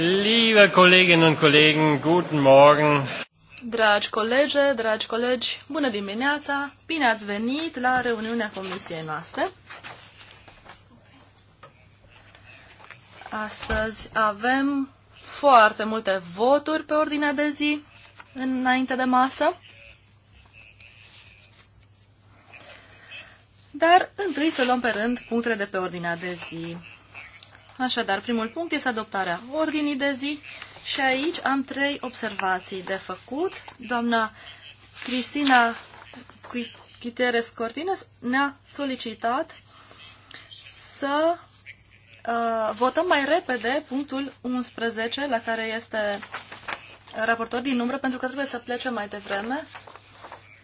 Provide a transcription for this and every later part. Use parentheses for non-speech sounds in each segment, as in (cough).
Liebe Kolleginnen und Kollegen, guten Morgen. Dragi colege, dragi colegi, bună dimineața! Bine ați venit la reuniunea comisiei noastre. Astăzi avem foarte multe voturi pe ordinea de zi înainte de masă. Dar întâi să luăm pe rând punctele de pe ordinea de zi. Așadar, primul punct este adoptarea ordinii de zi și aici am trei observații de făcut. Doamna Cristina Chiteres Cortines ne-a solicitat să uh, votăm mai repede punctul 11 la care este raportor din număr pentru că trebuie să plece mai devreme.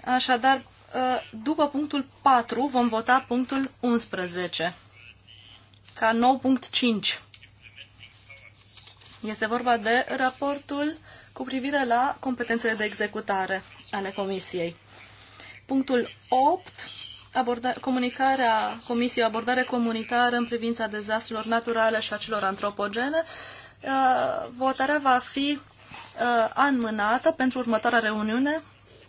Așadar, uh, după punctul 4 vom vota punctul 11 ca 9.5. Este vorba de raportul cu privire la competențele de executare ale Comisiei. Punctul 8, aborda, comunicarea Comisiei, abordare comunitară în privința dezastrelor naturale și a celor antropogene. Uh, votarea va fi uh, anmânată pentru următoarea reuniune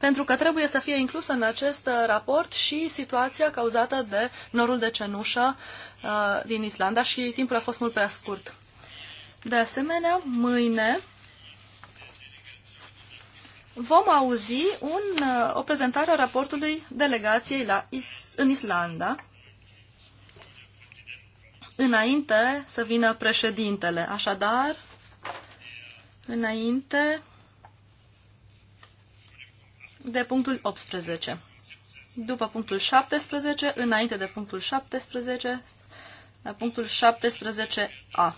pentru că trebuie să fie inclusă în acest uh, raport și situația cauzată de norul de cenușă uh, din Islanda și timpul a fost mult prea scurt. De asemenea, mâine vom auzi un, uh, o prezentare a raportului delegației la Is- în Islanda, înainte să vină președintele. Așadar, înainte de punctul 18. După punctul 17, înainte de punctul 17, la punctul 17a.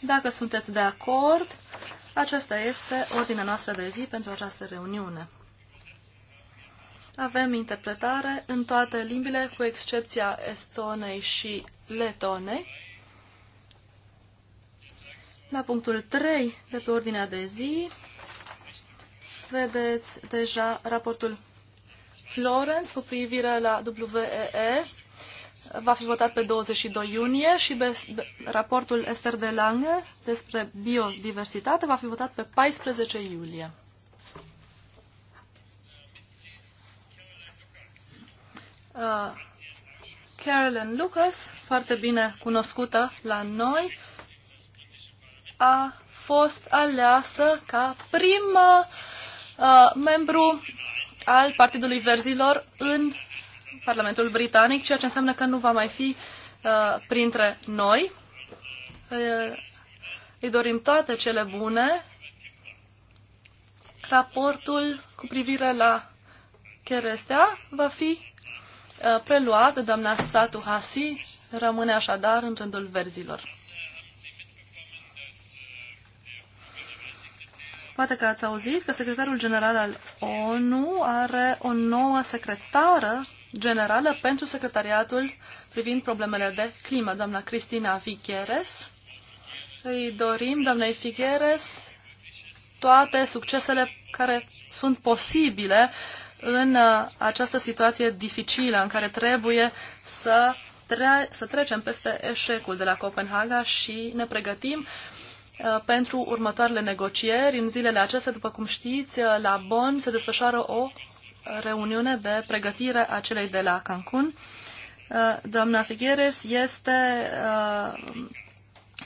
Dacă sunteți de acord, aceasta este ordinea noastră de zi pentru această reuniune. Avem interpretare în toate limbile, cu excepția estonei și letonei. La punctul 3 de pe ordinea de zi vedeți deja raportul Florence cu privire la WEE. Va fi votat pe 22 iunie și raportul Esther de Lange despre biodiversitate va fi votat pe 14 iulie. Uh, Carolyn Lucas, foarte bine cunoscută la noi, a fost aleasă ca prima uh, Uh, membru al Partidului Verzilor în Parlamentul Britanic, ceea ce înseamnă că nu va mai fi uh, printre noi. Uh, îi dorim toate cele bune. Raportul cu privire la cherestea va fi uh, preluat de doamna Satu Hasi, rămâne așadar în rândul verzilor. Poate că ați auzit că secretarul general al ONU are o nouă secretară generală pentru secretariatul privind problemele de climă, doamna Cristina Figueres. Îi dorim, doamnei Figueres, toate succesele care sunt posibile în uh, această situație dificilă în care trebuie să, tre- să trecem peste eșecul de la Copenhaga și ne pregătim Uh, pentru următoarele negocieri. În zilele acestea, după cum știți, uh, la Bonn se desfășoară o reuniune de pregătire a celei de la Cancun. Uh, doamna Figueres este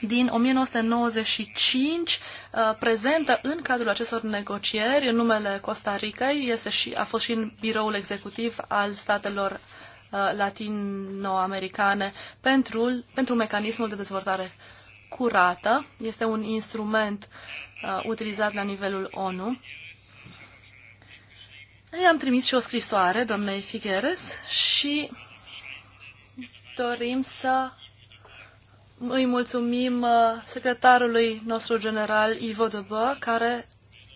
din 1995 prezentă în cadrul acestor negocieri în numele Costa Ricai, este și, a fost și în biroul executiv al statelor latino-americanene latino-americane pentru, pentru mecanismul de dezvoltare curată. Este un instrument uh, utilizat la nivelul ONU. I-am trimis și o scrisoare doamnei Figueres și dorim să îi mulțumim uh, secretarului nostru general Ivo Dubă, care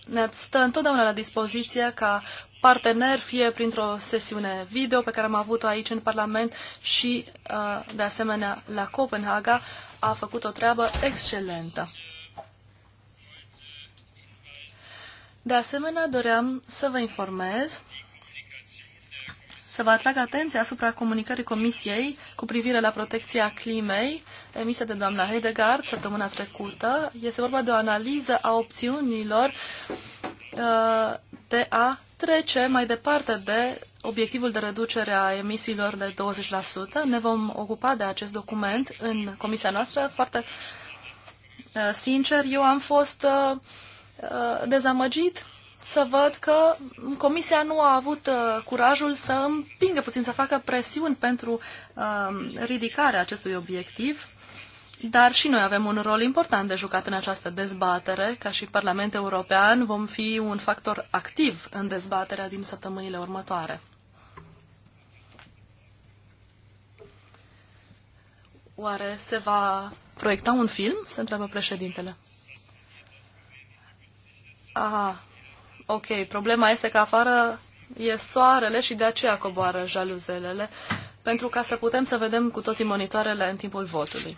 ne stă întotdeauna la dispoziție ca partener, fie printr-o sesiune video pe care am avut-o aici în Parlament și, uh, de asemenea, la Copenhaga, a făcut o treabă excelentă. De asemenea, doream să vă informez, să vă atrag atenția asupra comunicării Comisiei cu privire la protecția climei emisă de doamna Heidegard săptămâna trecută. Este vorba de o analiză a opțiunilor uh, de a trece mai departe de obiectivul de reducere a emisiilor de 20%. Ne vom ocupa de acest document în comisia noastră. Foarte uh, sincer, eu am fost uh, uh, dezamăgit să văd că comisia nu a avut curajul să împingă puțin, să facă presiuni pentru ridicarea acestui obiectiv. Dar și noi avem un rol important de jucat în această dezbatere. Ca și Parlament European vom fi un factor activ în dezbaterea din săptămânile următoare. Oare se va proiecta un film? Se întreabă președintele. Aha, ok. Problema este că afară e soarele și de aceea coboară jaluzelele, pentru ca să putem să vedem cu toții monitoarele în timpul votului.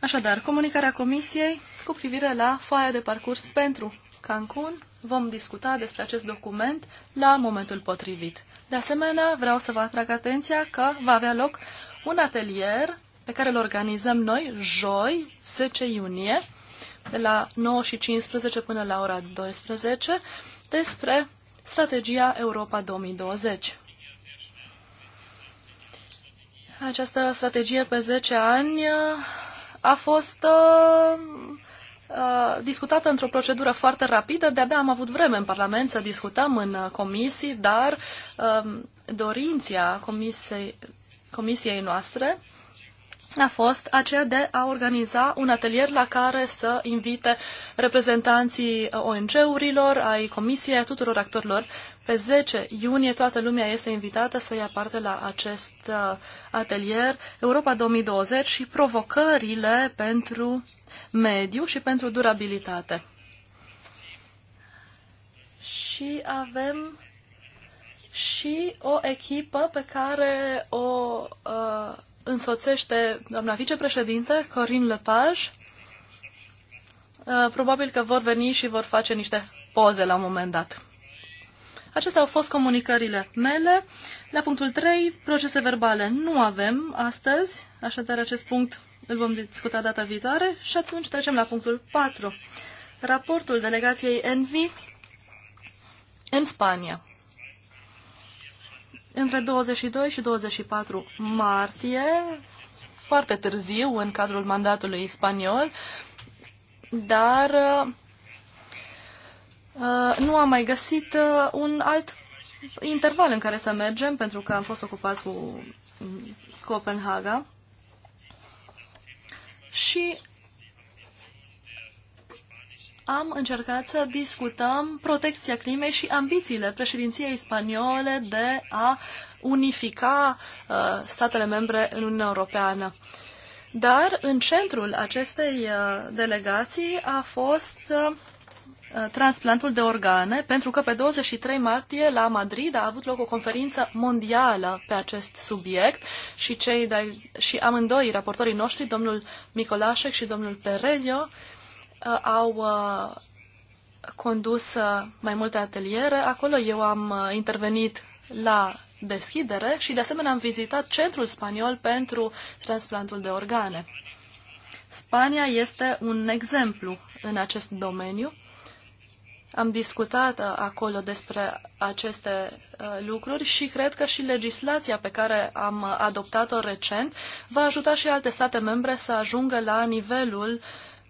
Așadar, comunicarea Comisiei cu privire la foaia de parcurs pentru Cancun. Vom discuta despre acest document la momentul potrivit. De asemenea, vreau să vă atrag atenția că va avea loc un atelier pe care îl organizăm noi joi, 10 iunie, de la 9 și 15 până la ora 12, despre strategia Europa 2020. Această strategie pe 10 ani a fost uh, Uh, discutată într-o procedură foarte rapidă. De-abia am avut vreme în Parlament să discutăm în uh, comisii, dar uh, dorința comisiei, comisiei noastre a fost aceea de a organiza un atelier la care să invite reprezentanții ONG-urilor, ai comisiei, a tuturor actorilor. Pe 10 iunie toată lumea este invitată să ia parte la acest atelier Europa 2020 și provocările pentru mediu și pentru durabilitate. Și avem și o echipă pe care o uh, însoțește doamna vicepreședinte, Corin Lepage. Uh, probabil că vor veni și vor face niște poze la un moment dat. Acestea au fost comunicările mele. La punctul 3, procese verbale nu avem astăzi, așadar acest punct îl vom discuta data viitoare și atunci trecem la punctul 4. Raportul delegației ENVI în Spania. Între 22 și 24 martie, foarte târziu în cadrul mandatului spaniol, dar uh, nu am mai găsit uh, un alt interval în care să mergem, pentru că am fost ocupați cu mm, Copenhaga și am încercat să discutăm protecția climei și ambițiile președinției spaniole de a unifica uh, statele membre în Uniunea Europeană. Dar în centrul acestei uh, delegații a fost uh, Uh, transplantul de organe, pentru că pe 23 martie la Madrid a avut loc o conferință mondială pe acest subiect și, cei de, și amândoi raportorii noștri, domnul Micolașec și domnul Perelio, uh, au uh, condus mai multe ateliere. Acolo eu am intervenit la deschidere și de asemenea am vizitat Centrul Spaniol pentru transplantul de organe. Spania este un exemplu în acest domeniu am discutat uh, acolo despre aceste uh, lucruri și cred că și legislația pe care am uh, adoptat-o recent va ajuta și alte state membre să ajungă la nivelul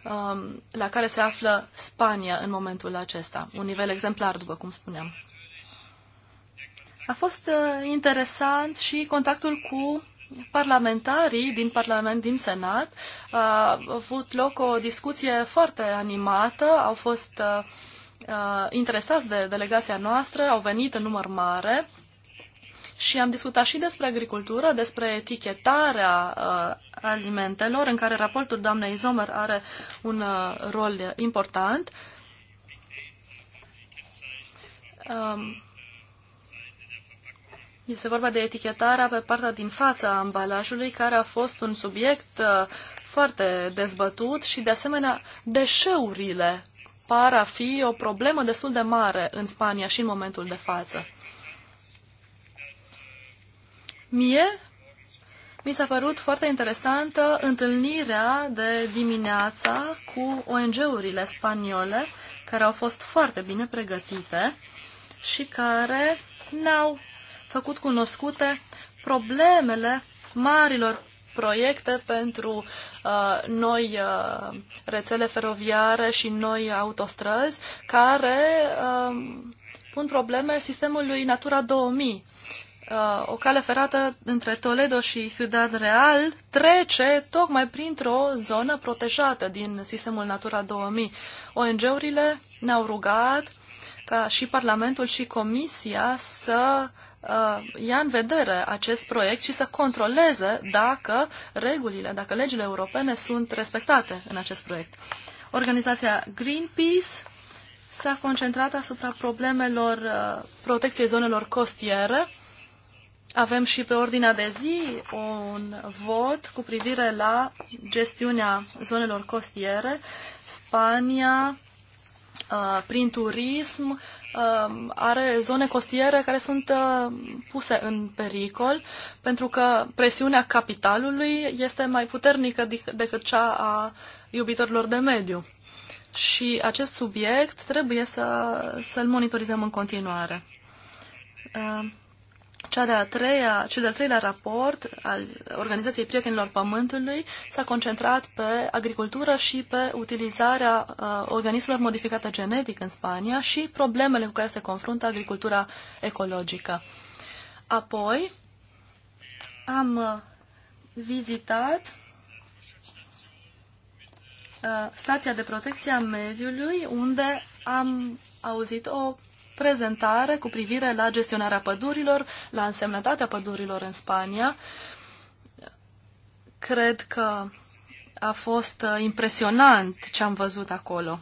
um, la care se află Spania în momentul acesta. Un nivel exemplar, după cum spuneam. A fost interesant și contactul cu parlamentarii din Parlament, din Senat. A avut loc o discuție foarte animată, au fost uh, uh, interesați de delegația noastră, au venit în număr mare și am discutat și despre agricultură, despre etichetarea uh, alimentelor, în care raportul doamnei Zomer are un uh, rol important. Um, este vorba de etichetarea pe partea din fața ambalajului, care a fost un subiect uh, foarte dezbătut și, de asemenea, deșeurile par a fi o problemă destul de mare în Spania și în momentul de față. Mie mi s-a părut foarte interesantă întâlnirea de dimineața cu ONG-urile spaniole, care au fost foarte bine pregătite și care ne-au făcut cunoscute problemele marilor proiecte pentru uh, noi uh, rețele feroviare și noi autostrăzi care uh, pun probleme sistemului Natura 2000. Uh, o cale ferată între Toledo și Ciudad Real trece tocmai printr-o zonă protejată din sistemul Natura 2000. ONG-urile ne-au rugat ca și Parlamentul și Comisia să uh, Uh, ia în vedere acest proiect și să controleze dacă regulile, dacă legile europene sunt respectate în acest proiect. Organizația Greenpeace s-a concentrat asupra problemelor uh, protecției zonelor costiere. Avem și pe ordinea de zi un vot cu privire la gestiunea zonelor costiere. Spania, uh, prin turism, Um, are zone costiere care sunt uh, puse în pericol pentru că presiunea capitalului este mai puternică decât cea a iubitorilor de mediu. Și acest subiect trebuie să, să-l monitorizăm în continuare. Uh, cea de-a treia, cel de-al treilea raport al Organizației Prietenilor Pământului s-a concentrat pe agricultură și pe utilizarea uh, organismelor modificate genetic în Spania și problemele cu care se confruntă agricultura ecologică. Apoi am uh, vizitat uh, stația de protecție a mediului unde am auzit o prezentare cu privire la gestionarea pădurilor, la însemnătatea pădurilor în Spania. Cred că a fost uh, impresionant ce am văzut acolo.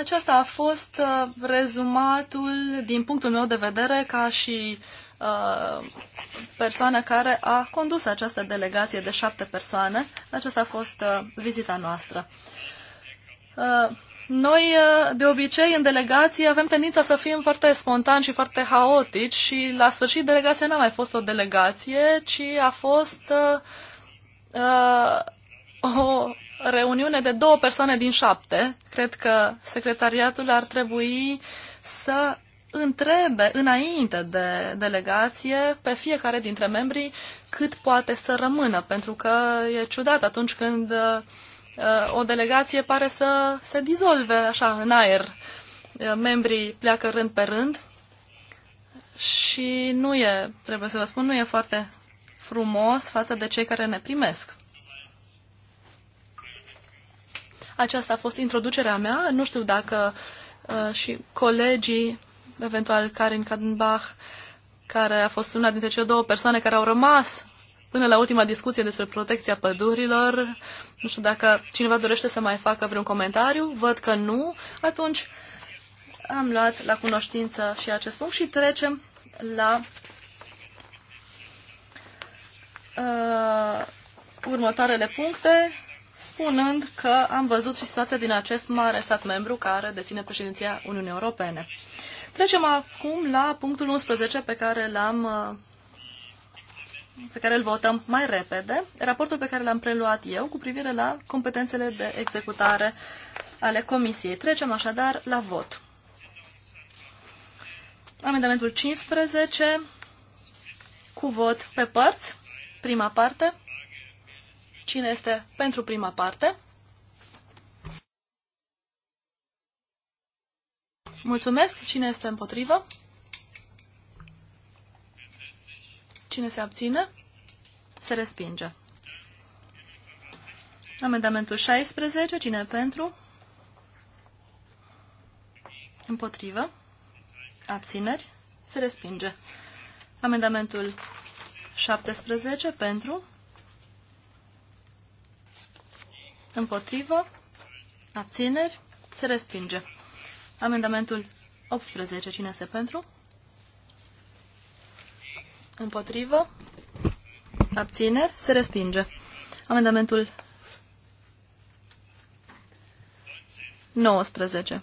Aceasta a fost uh, rezumatul, din punctul meu de vedere, ca și uh, care a condus această delegație de șapte persoane. Aceasta a fost uh, vizita noastră. Uh, noi, uh, de obicei, în delegații avem tendința să fim foarte spontani și foarte haotici și la sfârșit delegația n-a mai fost o delegație, ci a fost uh, uh o reuniune de două persoane din șapte. Cred că secretariatul ar trebui să întrebe înainte de delegație pe fiecare dintre membrii cât poate să rămână, pentru că e ciudat atunci când uh, Uh, o delegație pare să se dizolve așa în aer. Uh, membrii pleacă rând pe rând și nu e, trebuie să vă spun, nu e foarte frumos față de cei care ne primesc. Aceasta a fost introducerea mea. Nu știu dacă uh, și colegii, eventual Karin Kadenbach, care a fost una dintre cele două persoane care au rămas până la ultima discuție despre protecția pădurilor. Nu știu dacă cineva dorește să mai facă vreun comentariu. Văd că nu. Atunci am luat la cunoștință și acest punct și trecem la uh, următoarele puncte, spunând că am văzut și situația din acest mare stat membru care deține președinția Uniunii Europene. Trecem acum la punctul 11 pe care l-am uh, pe care îl votăm mai repede, raportul pe care l-am preluat eu cu privire la competențele de executare ale Comisiei. Trecem așadar la vot. Amendamentul 15 cu vot pe părți, prima parte. Cine este pentru prima parte? Mulțumesc. Cine este împotrivă? Cine se abține? Se respinge. Amendamentul 16. Cine pentru? Împotrivă. Abțineri. Se respinge. Amendamentul 17. Pentru. Împotrivă. Abțineri. Se respinge. Amendamentul 18. Cine este pentru? Împotrivă. Abțineri. Se respinge. Amendamentul 19.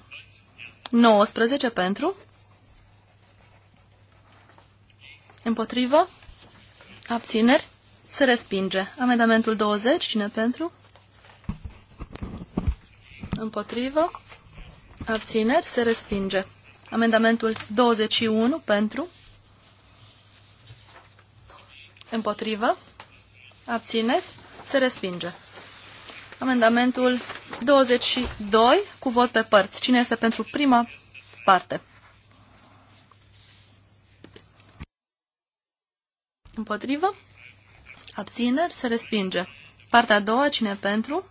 19 pentru. Împotrivă. Abțineri. Se respinge. Amendamentul 20. Cine pentru? Împotrivă. Abțineri. Se respinge. Amendamentul 21 pentru. Împotrivă. Abțineri. Se respinge. Amendamentul 22 cu vot pe părți. Cine este pentru prima parte? Împotrivă. Abțineri. Se respinge. Partea a doua. Cine pentru?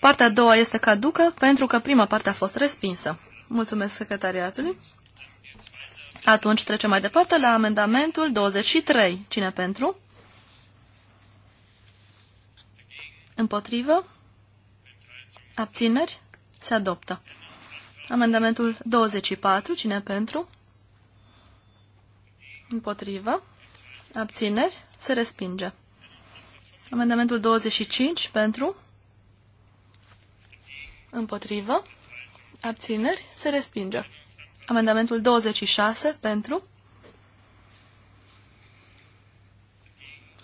Partea a doua este caducă pentru că prima parte a fost respinsă. Mulțumesc secretariatului. Atunci trecem mai departe la amendamentul 23. Cine pentru? Împotrivă? Abțineri? Se adoptă. Amendamentul 24. Cine pentru? Împotrivă? Abțineri? Se respinge. Amendamentul 25 pentru? Împotrivă. Abțineri. Se respinge. Amendamentul 26 pentru.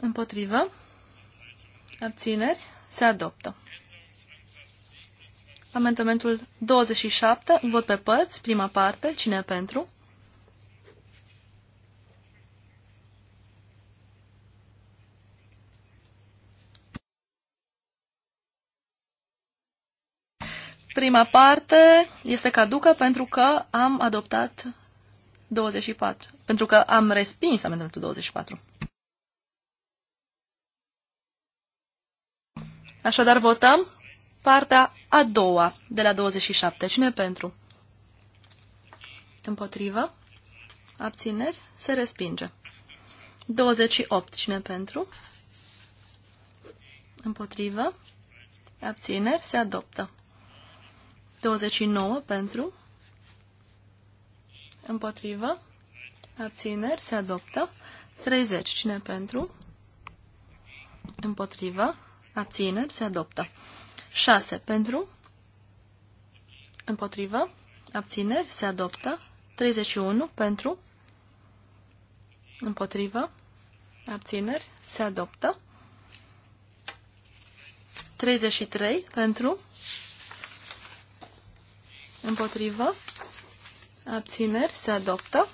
Împotrivă. Abțineri. Se adoptă. Amendamentul 27, vot pe părți, prima parte, cine pentru? Prima parte este caducă pentru că am adoptat 24. Pentru că am respins amendamentul 24. Așadar votăm partea a doua de la 27. Cine pentru? Împotrivă? Abțineri? Se respinge. 28. Cine pentru? Împotrivă? Abțineri? Se adoptă. 29 pentru, împotrivă, abțineri, se adoptă. 30, cine pentru, împotrivă, abțineri, se adoptă. 6 pentru, împotrivă, abțineri, se adoptă. 31 pentru, împotrivă, abțineri, se adoptă. 33 pentru, Împotrivă. Abțineri. Se adoptă.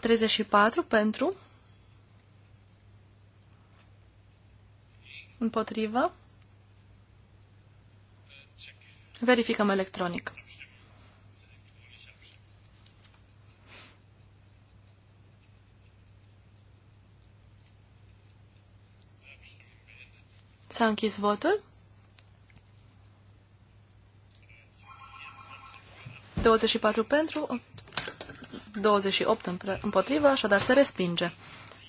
34 pentru. Împotrivă. Verificăm electronic. S-a închis votul. 24 pentru, 28 împotrivă, așadar se respinge.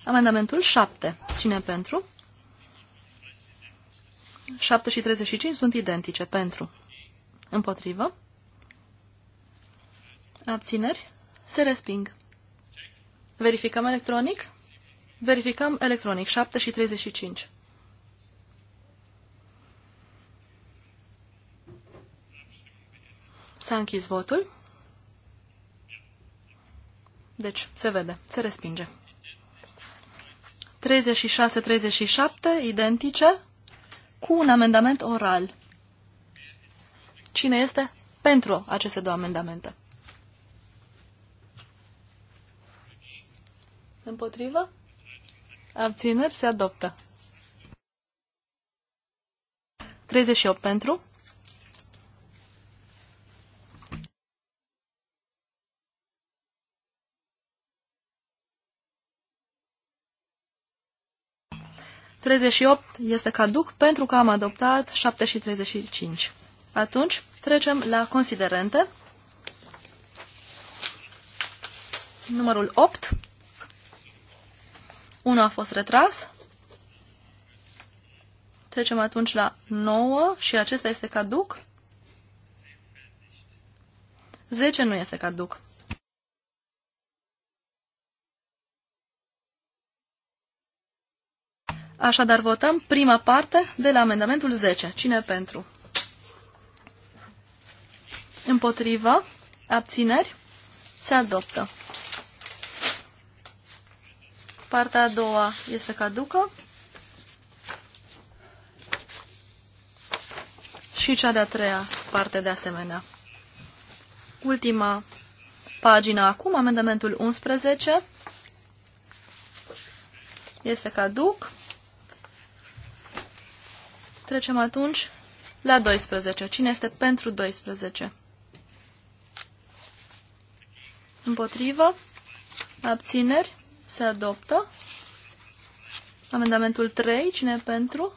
Amendamentul 7. Cine pentru? 7 și 35 sunt identice. Pentru. Împotrivă. Abțineri. Se resping. Verificăm electronic? Verificăm electronic. 7 și 35. S-a închis votul. Deci, se vede, se respinge. 36-37, identice, cu un amendament oral. Cine este pentru aceste două amendamente? Împotrivă? Abțineri se adoptă. 38 pentru. 38 este caduc pentru că am adoptat 7 și 35. Atunci trecem la considerente. Numărul 8. 1 a fost retras. Trecem atunci la 9 și acesta este caduc. 10 nu este caduc. Așadar, votăm prima parte de la amendamentul 10. Cine pentru? Împotrivă? Abțineri? Se adoptă. Partea a doua este caducă. Și cea de-a treia parte de asemenea. Ultima pagină acum, amendamentul 11. Este caduc. Trecem atunci la 12. Cine este pentru 12? Împotrivă? Abțineri? Se adoptă. Amendamentul 3. Cine e pentru?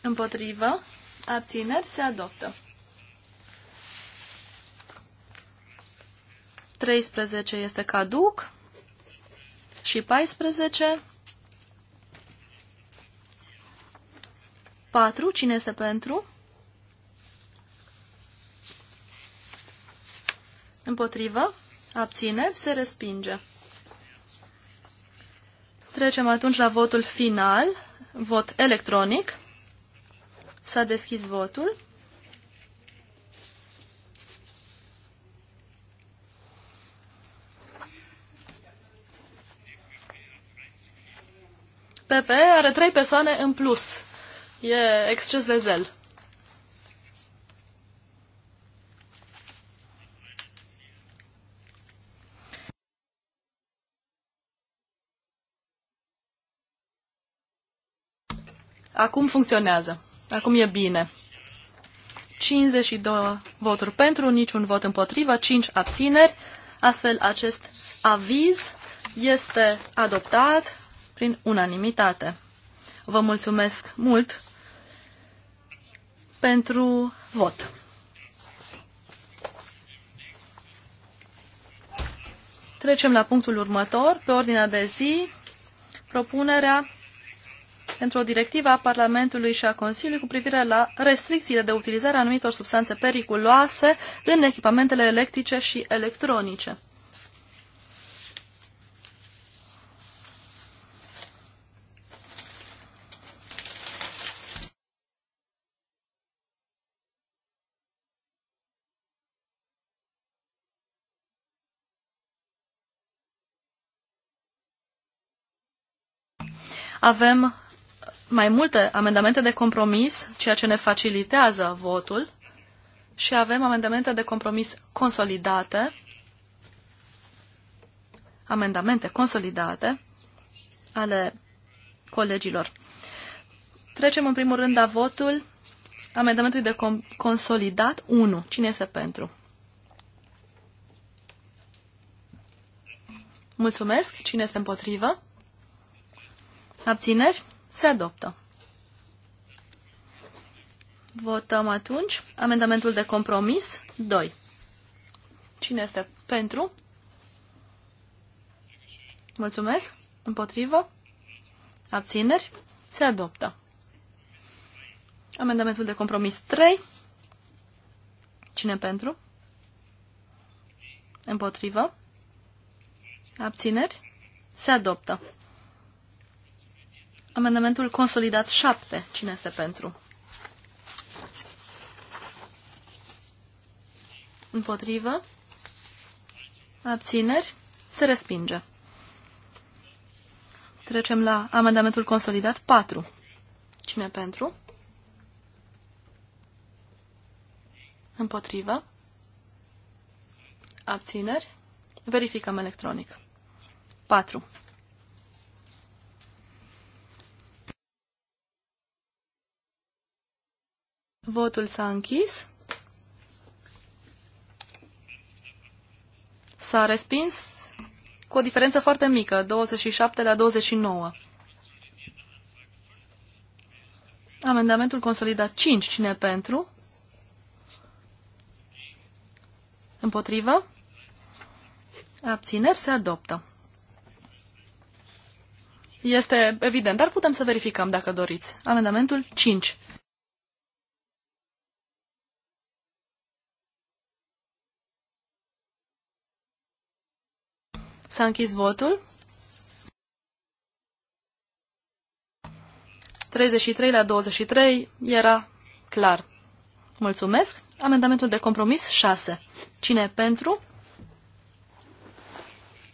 Împotrivă? Abțineri? Se adoptă. 13 este caduc și 14 4. Cine este pentru? Împotrivă? Abține. Se respinge. Trecem atunci la votul final, vot electronic. S-a deschis votul. PP are trei persoane în plus E exces de zel. Acum funcționează. Acum e bine. 52 voturi pentru, niciun vot împotrivă, 5 abțineri. Astfel, acest aviz este adoptat prin unanimitate. Vă mulțumesc mult pentru vot. Trecem la punctul următor, pe ordinea de zi, propunerea pentru o directivă a Parlamentului și a Consiliului cu privire la restricțiile de utilizare a anumitor substanțe periculoase în echipamentele electrice și electronice. Avem mai multe amendamente de compromis, ceea ce ne facilitează votul, și avem amendamente de compromis consolidate, amendamente consolidate ale colegilor. Trecem în primul rând la votul amendamentului de consolidat 1. Cine este pentru? Mulțumesc. Cine este împotrivă? Abțineri? Se adoptă. Votăm atunci amendamentul de compromis 2. Cine este pentru? Mulțumesc. Împotrivă? Abțineri? Se adoptă. Amendamentul de compromis 3. Cine pentru? Împotrivă? Abțineri? Se adoptă. Amendamentul consolidat 7. Cine este pentru? Împotrivă? Abțineri? Se respinge. Trecem la amendamentul consolidat 4. Cine pentru? Împotrivă? Abțineri? Verificăm electronic. 4. Votul s-a închis. S-a respins cu o diferență foarte mică, 27 la 29. Amendamentul consolidat 5. Cine pentru? Împotrivă? Abțineri se adoptă. Este evident, dar putem să verificăm dacă doriți. Amendamentul 5. S-a închis votul. 33 la 23 era clar. Mulțumesc. Amendamentul de compromis 6. Cine pentru?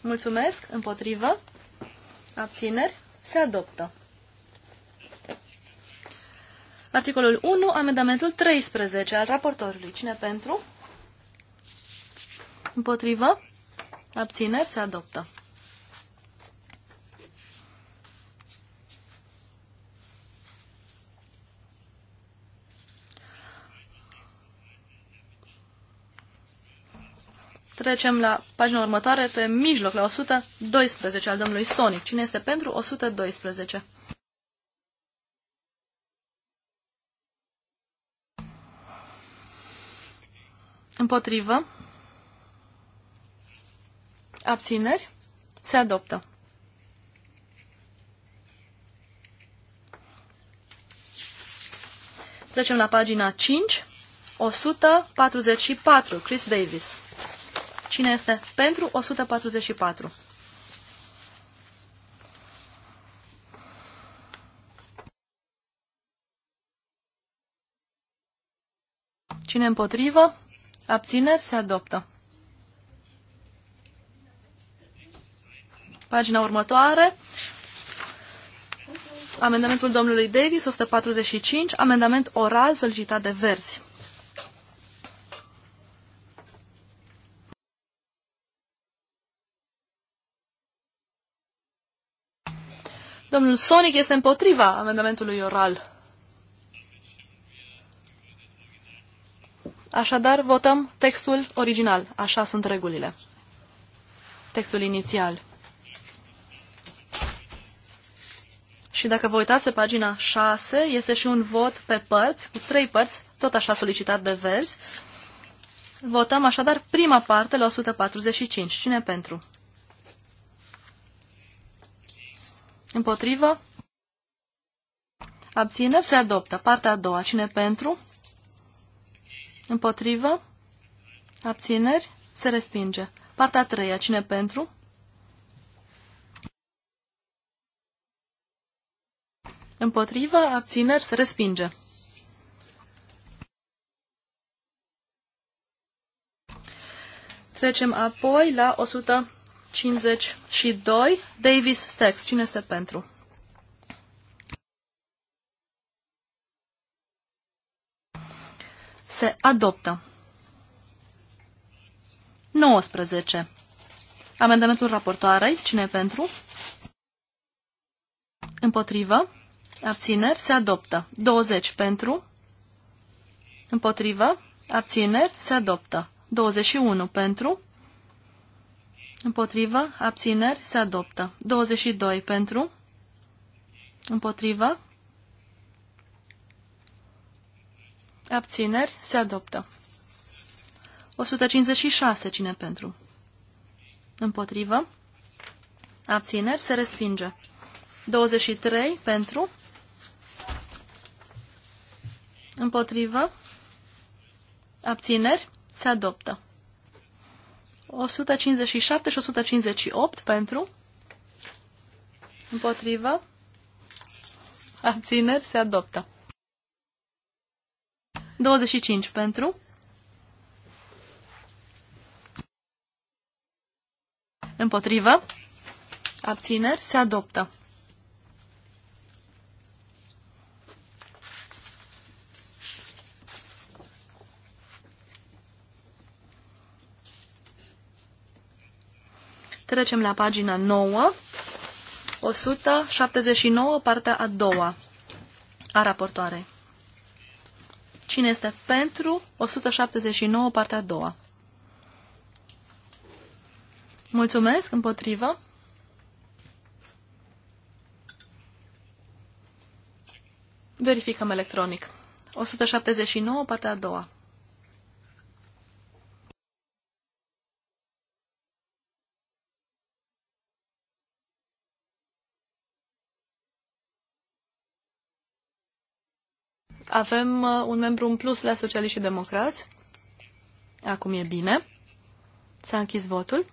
Mulțumesc. Împotrivă. Abțineri. Se adoptă. Articolul 1, amendamentul 13 al raportorului. Cine pentru? Împotrivă? Abțineri se adoptă. Trecem la pagina următoare, pe mijloc, la 112 al domnului Sonic. Cine este pentru? 112. Împotrivă. Abțineri? Se adoptă. Trecem la pagina 5, 144, Chris Davis. Cine este pentru 144? Cine împotrivă? Abțineri se adoptă. Pagina următoare. Amendamentul domnului Davis, 145, amendament oral solicitat de verzi. Domnul Sonic este împotriva amendamentului oral. Așadar, votăm textul original. Așa sunt regulile. Textul inițial. Și dacă vă uitați pe pagina 6, este și un vot pe părți, cu trei părți, tot așa solicitat de verzi. Votăm așadar prima parte la 145. Cine pentru? Împotrivă? Abțineri se adoptă. Partea a doua. Cine pentru? Împotrivă? Abțineri se respinge. Partea a treia. Cine pentru? Împotrivă, abțineri, se respinge. Trecem apoi la 152. Davis Stex. Cine este pentru? Se adoptă. 19. Amendamentul raportoarei. Cine e pentru? Împotrivă. Abțineri se adoptă. 20 pentru. Împotrivă. Abțineri se adoptă. 21 pentru. Împotrivă. Abțineri se adoptă. 22 pentru. Împotrivă. Abțineri se adoptă. 156 cine pentru. Împotrivă. Abțineri se respinge. 23 pentru. Împotrivă? Abțineri? Se adoptă. 157 și 158 pentru? Împotrivă? Abțineri? Se adoptă. 25 pentru? Împotrivă? Abțineri? Se adoptă. Trecem la pagina 9, 179, partea a doua a raportoarei. Cine este pentru 179, partea a doua? Mulțumesc, împotrivă. Verificăm electronic. 179, partea a doua. Avem uh, un membru în plus la Socialiști și Democrați. Acum e bine. S-a închis votul.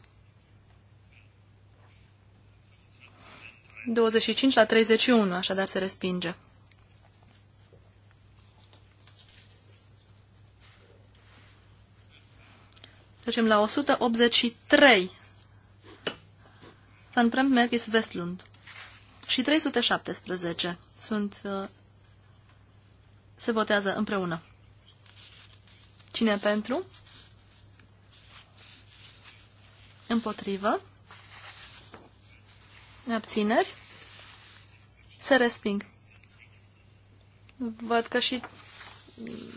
25 la 31, așadar se respinge. Trecem la 183. Van Mergis Vestlund. Și 317 sunt uh, se votează împreună. Cine pentru? Împotrivă. Abțineri. Se resping. Văd că și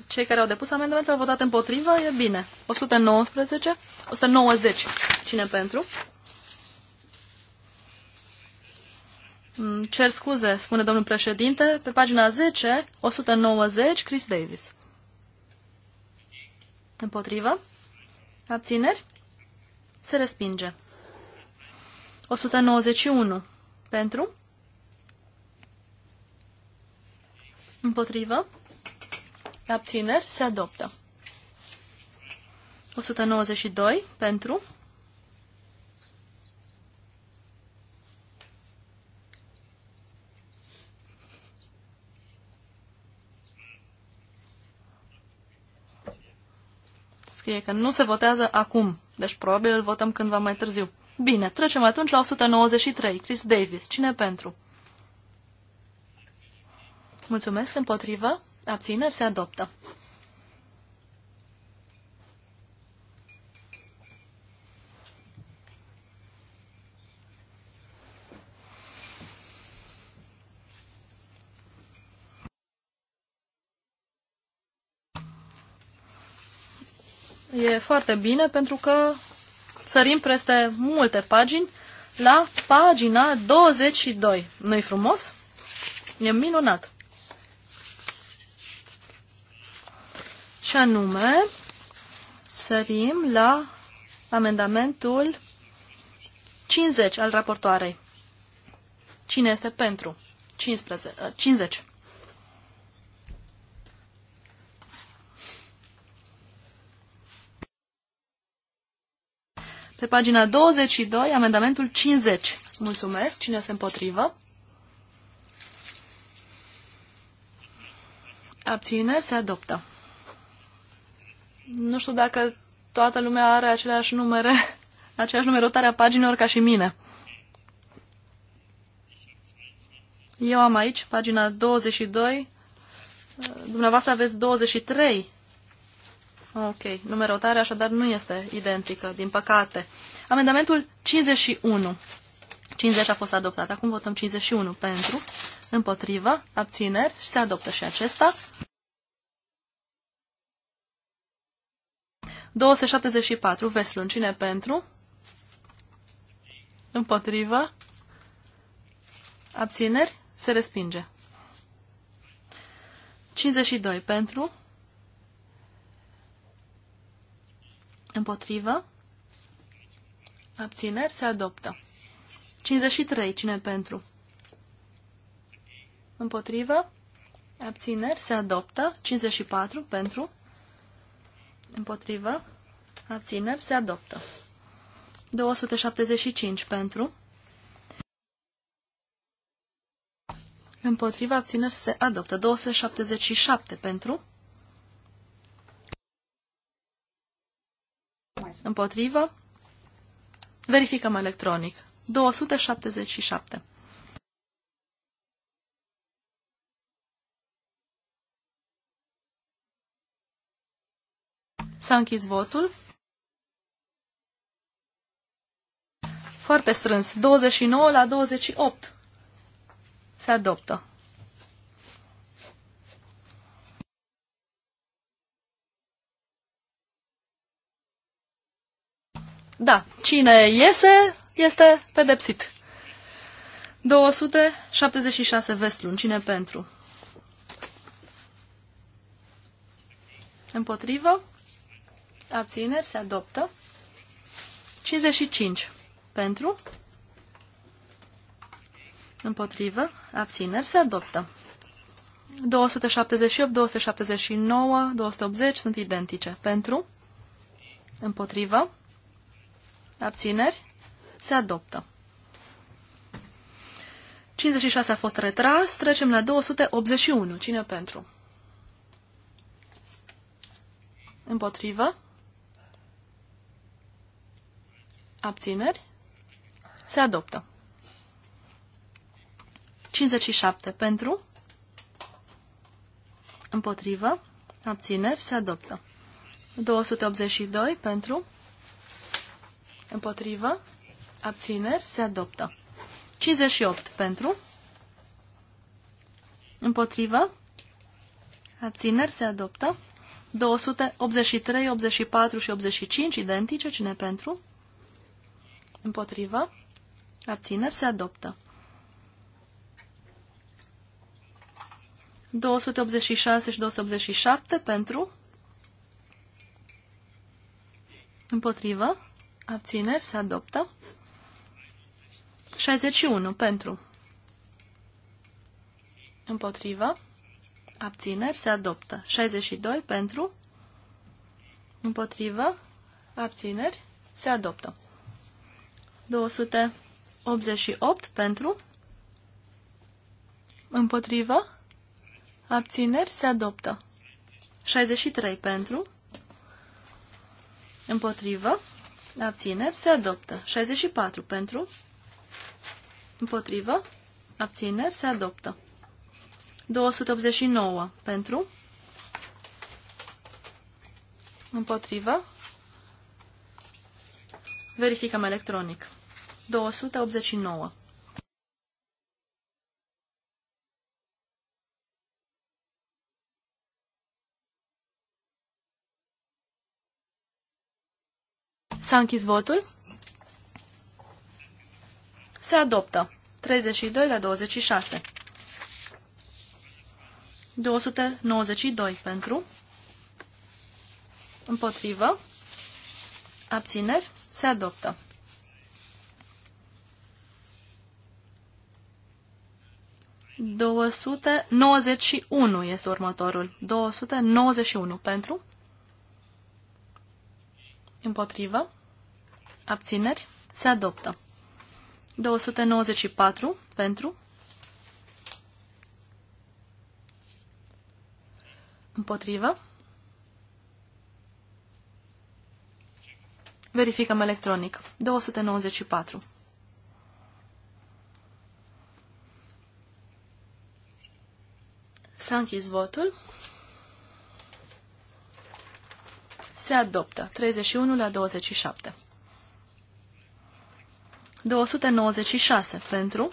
cei care au depus amendamentul au votat împotrivă. E bine. 119. 190. Cine pentru? Mm, cer scuze, spune domnul președinte, pe pagina 10, 190, Chris Davis. Împotrivă? Abțineri? Se respinge. 191. Pentru? Împotrivă? Abțineri? Se adoptă. 192. Pentru? știe că nu se votează acum, deci probabil îl votăm cândva mai târziu. Bine, trecem atunci la 193. Chris Davis. Cine pentru? Mulțumesc. Împotrivă. Abțineri se adoptă. E foarte bine pentru că sărim peste multe pagini la pagina 22. Nu-i frumos? E minunat. Și anume, sărim la amendamentul 50 al raportoarei. Cine este pentru? 15, 50. Ă, Pe pagina 22, amendamentul 50. Mulțumesc. Cine se împotrivă? Abțineri se adoptă. Nu știu dacă toată lumea are aceleași numere, (laughs) aceeași numerotare a paginilor ca și mine. Eu am aici pagina 22, dumneavoastră aveți 23 Ok. Numerotarea așadar nu este identică, din păcate. Amendamentul 51. 50 a fost adoptat. Acum votăm 51 pentru, împotrivă, abțineri și se adoptă și acesta. 274. Veslun. Cine pentru? Împotrivă. Abțineri. Se respinge. 52. Pentru. Împotrivă. Abțineri se adoptă. 53. Cine pentru? Împotrivă. Abțineri se adoptă. 54. Pentru. Împotrivă. Abțineri se adoptă. 275 pentru. Împotriva abțineri se adoptă. 277 pentru. Împotrivă? Verificăm electronic. 277. S-a închis votul. Foarte strâns. 29 la 28. Se adoptă. Da, cine iese este pedepsit. 276 vestlun, cine pentru? Împotrivă? Abțineri se adoptă. 55 pentru? Împotrivă? Abțineri se adoptă. 278, 279, 280 sunt identice. Pentru? Împotrivă? abțineri, se adoptă. 56 a fost retras, trecem la 281. Cine pentru? Împotrivă? Abțineri? Se adoptă. 57 pentru? Împotrivă? Abțineri? Se adoptă. 282 pentru? Împotrivă. Abțineri. Se adoptă. 58 pentru. Împotrivă. Abțineri. Se adoptă. 283, 84 și 85 identice. Cine pentru? Împotrivă. Abțineri. Se adoptă. 286 și 287 pentru. Împotrivă abțineri, se adoptă. 61 pentru, împotrivă, abțineri, se adoptă. 62 pentru, împotrivă, abțineri, se adoptă. 288 pentru, împotrivă, abțineri, se adoptă. 63 pentru, împotrivă, abțineri, se adoptă. 64 pentru, împotrivă, abțineri, se adoptă. 289 pentru, împotrivă, verificăm electronic. 289. S-a închis votul. Se adoptă. 32 la 26. 292 pentru. Împotrivă. Abțineri. Se adoptă. unu este următorul. 291 pentru. Împotrivă abțineri, se adoptă. 294 pentru, împotrivă. Verificăm electronic. 294. S-a închis votul. Se adoptă. 31 la 27. 296 pentru,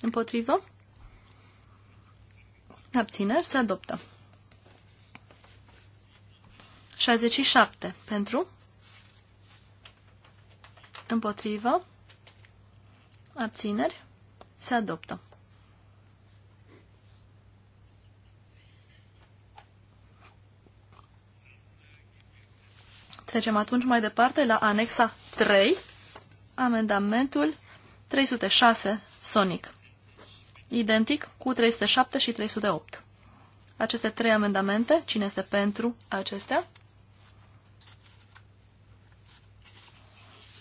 împotrivă, abțineri, se adoptă. 67 pentru, împotrivă, abțineri, se adoptă. Trecem atunci mai departe la anexa 3, amendamentul 306 Sonic, identic cu 307 și 308. Aceste trei amendamente, cine este pentru acestea?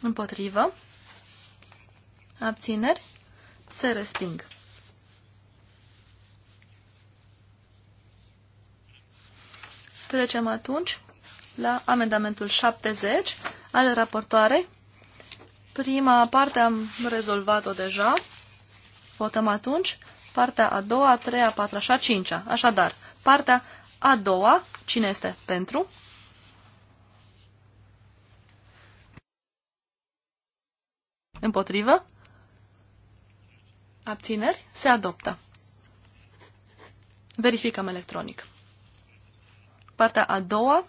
Împotrivă. Abțineri. Se resping. Trecem atunci la amendamentul 70 al raportoarei. Prima parte am rezolvat-o deja. Votăm atunci partea a doua, a treia, a patra și a cincea. Așadar, partea a doua, cine este pentru? Împotrivă? Abțineri? Se adoptă. Verificăm electronic. Partea a doua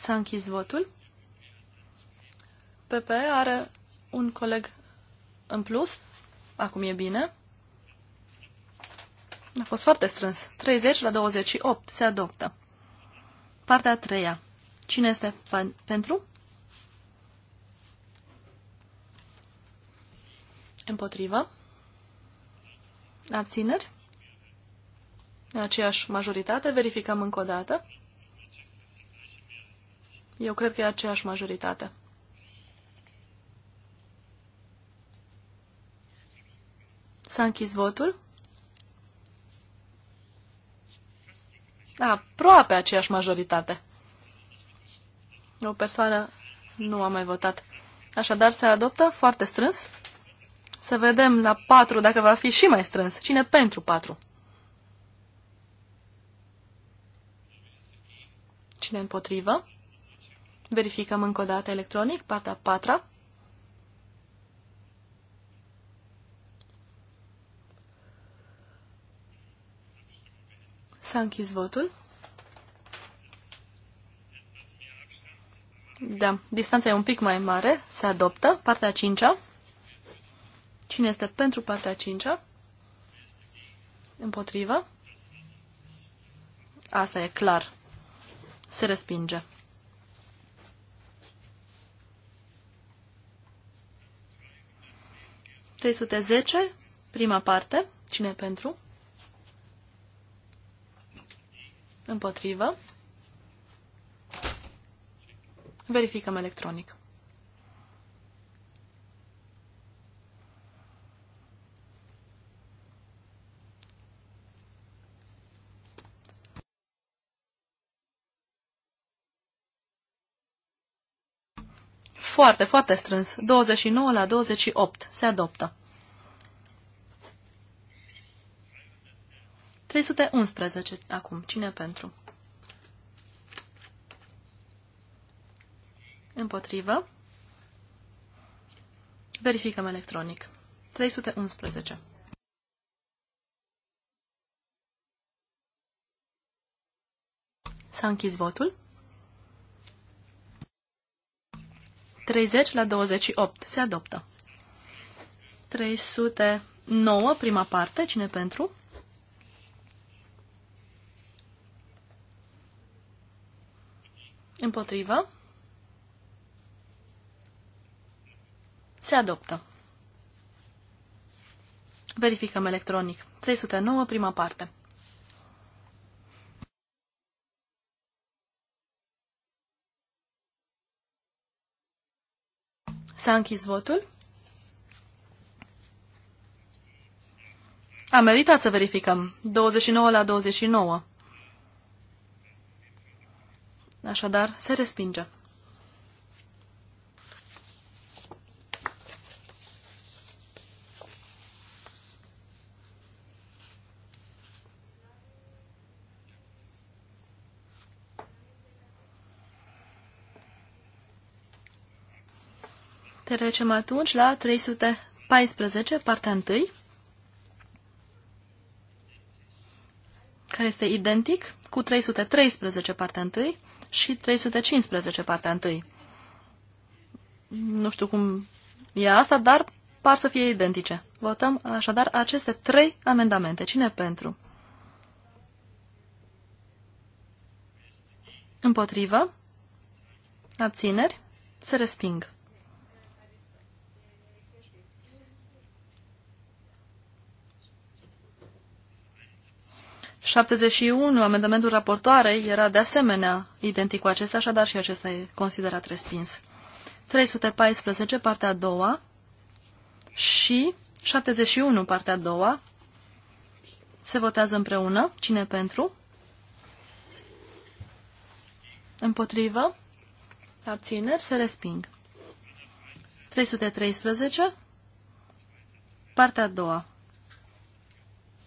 S-a închis votul. PP are un coleg în plus. Acum e bine. A fost foarte strâns. 30 la 28 se adoptă. Partea a treia. Cine este pentru? Împotrivă. Abțineri. Aceeași majoritate. Verificăm încă o dată. Eu cred că e aceeași majoritate. S-a închis votul. Aproape aceeași majoritate. O persoană nu a mai votat. Așadar, se adoptă foarte strâns. Să vedem la 4 dacă va fi și mai strâns. Cine pentru 4? Cine împotrivă? Verificăm încă o dată electronic, partea a patra. S-a închis votul. Da, distanța e un pic mai mare, se adoptă. Partea a cincea. Cine este pentru partea a cincea? Împotrivă. Asta e clar. Se respinge. 310, prima parte. Cine pentru? Împotrivă. Verificăm electronic. foarte, foarte strâns. 29 la 28 se adoptă. 311 acum. Cine pentru? Împotrivă. Verificăm electronic. 311. S-a închis votul. 30 la 28. Se adoptă. 309, prima parte. Cine pentru? Împotrivă. Se adoptă. Verificăm electronic. 309, prima parte. S-a închis votul? A meritat să verificăm. 29 la 29. Așadar, se respinge. Trecem atunci la 314, partea 1, care este identic cu 313, partea 1 și 315, partea 1. Nu știu cum e asta, dar par să fie identice. Votăm așadar aceste trei amendamente. Cine pentru? Împotrivă? Abțineri? Se resping. 71, amendamentul raportoarei, era de asemenea identic cu acesta, așadar și acesta e considerat respins. 314, partea a doua și 71, partea a doua, se votează împreună. Cine pentru? Împotrivă? Abțineri? Se resping. 313, partea a doua.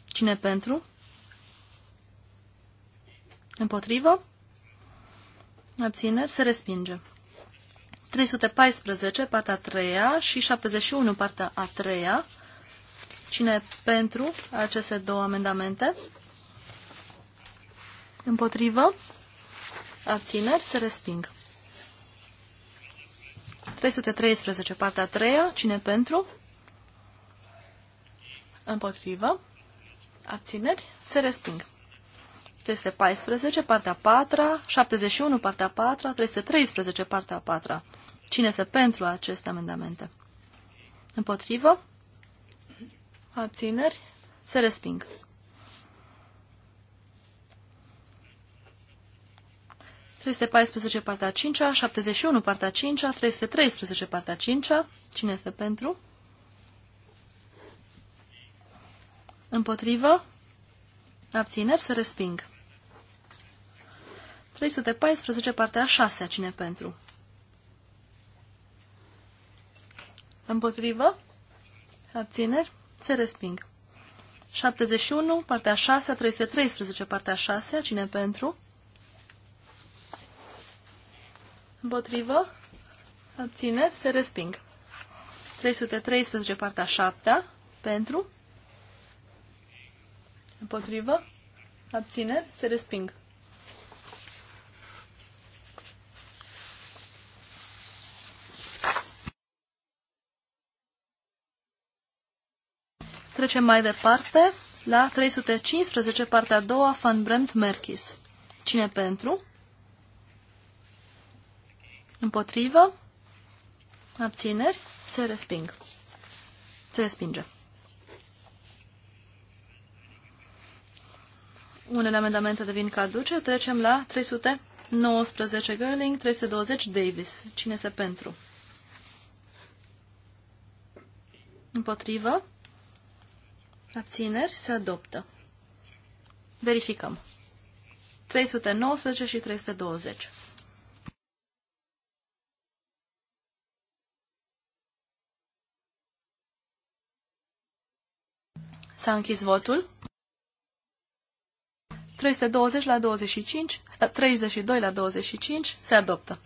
Cine pentru? Împotrivă? Abțineri? Se respinge. 314, partea a treia și 71, partea a treia. Cine pentru aceste două amendamente? Împotrivă? Abțineri? Se resping. 313, partea a treia. Cine pentru? Împotrivă? Abțineri? Se resping. 314, partea 4, 71, partea 4, 313, partea 4. Cine este pentru aceste amendamente? Împotrivă? Abțineri? Se resping. Este 14 partea 5 71 partea 5 313 partea 5 Cine este pentru? Împotrivă? Abțineri să resping. 314, partea 6, cine pentru? Împotrivă? Abțineri? Se resping. 71, partea 6, 313, partea 6, cine pentru? Împotrivă? Abțineri? Se resping. 313, partea 7, pentru? Împotrivă? Abțineri? Se resping. Trecem mai departe la 315, partea a doua, Van Bremt Merkis. Cine pentru? Împotrivă? Abțineri? Se resping. Se respinge. Unele amendamente devin caduce. Trecem la 319 Gerling, 320 Davis. Cine este pentru? Împotrivă. Abțineri. Se adoptă. Verificăm. 319 și 320. S-a închis votul. 320 la 25, 32 eh, la 25 se adoptă.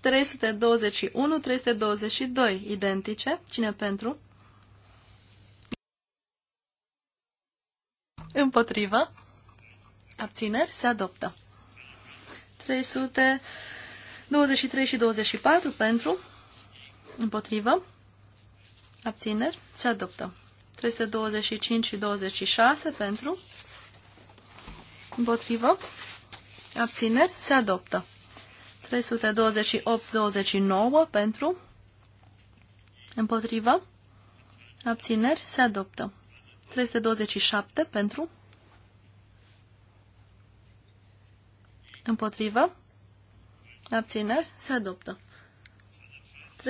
321, 322 identice. Cine pentru? Împotrivă. Abțineri se adoptă. 323 și 24 pentru. Împotrivă. Abțineri se adoptă. 325 și 26 pentru. Împotrivă. Abțineri. Se adoptă. 328-29 pentru. Împotrivă. Abțineri. Se adoptă. 327 pentru. Împotrivă. Abțineri. Se adoptă. 330-331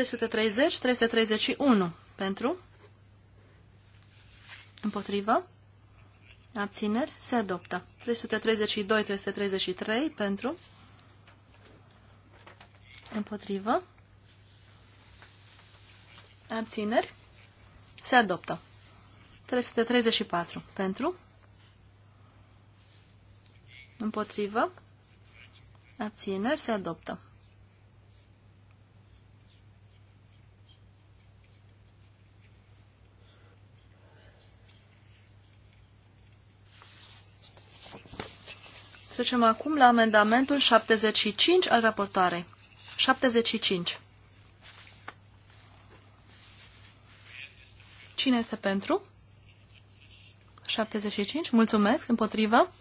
pentru. Împotrivă. Abțineri? Se adoptă. 332-333 pentru. Împotrivă. Abțineri? Se adoptă. 334 pentru. Împotrivă. Abțineri? Se adoptă. Trecem acum la amendamentul 75 al raportoarei. 75. Cine este pentru? 75. Mulțumesc. Împotrivă?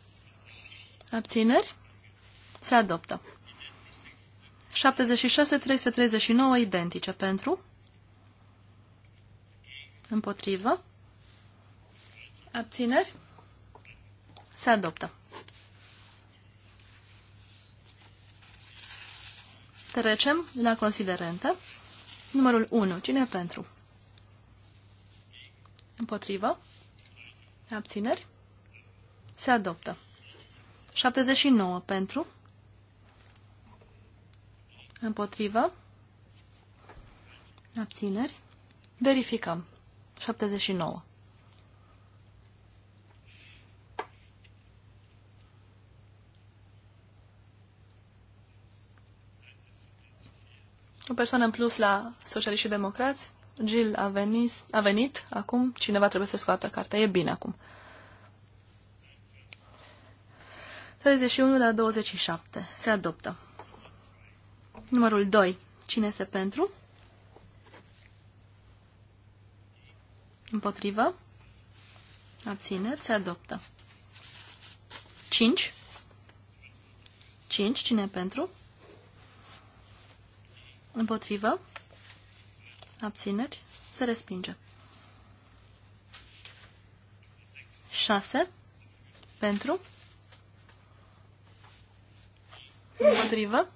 Abțineri? Se adoptă. 76, 339 identice. Pentru? Împotrivă? Abțineri? Se adoptă. Trecem la considerente. Numărul 1. Cine pentru? Împotrivă. Abțineri. Se adoptă. 79 pentru. Împotrivă. Abțineri. Verificăm. 79. O persoană în plus la socialiști și democrați. Gil a venit, a venit acum. Cineva trebuie să scoată cartea. E bine acum. 31 la 27. Se adoptă. Numărul 2. Cine este pentru? Împotrivă. Abțineri. Se adoptă. 5. 5. Cine e pentru? Împotrivă. Abțineri. Se respinge. 6. Pentru. Împotrivă.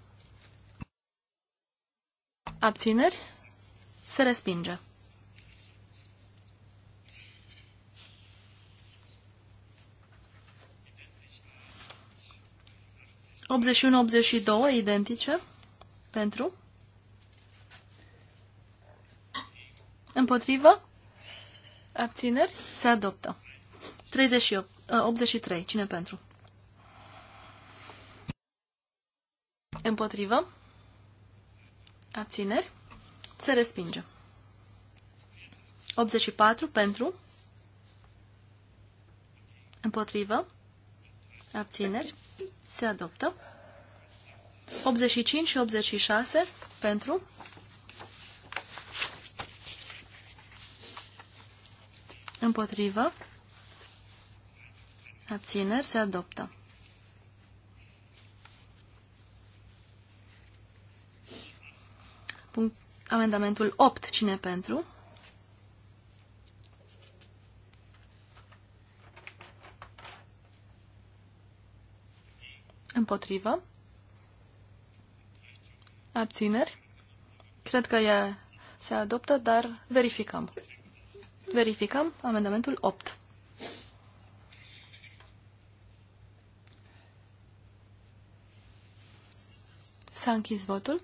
Abțineri. Se respinge. Optzeci și unu, optzeci și două, identice, pentru, Împotrivă? Abțineri? Se adoptă. 38, 83. Ă, Cine pentru? Împotrivă? Abțineri? Se respinge. 84 pentru? Împotrivă? Abțineri? Se adoptă. 85 și 86 pentru? Împotrivă. Abțineri se adoptă. Punct, amendamentul 8. Cine pentru? Împotrivă. Abțineri. Cred că e, se adoptă, dar verificăm. Verificăm amendamentul 8. S-a închis votul.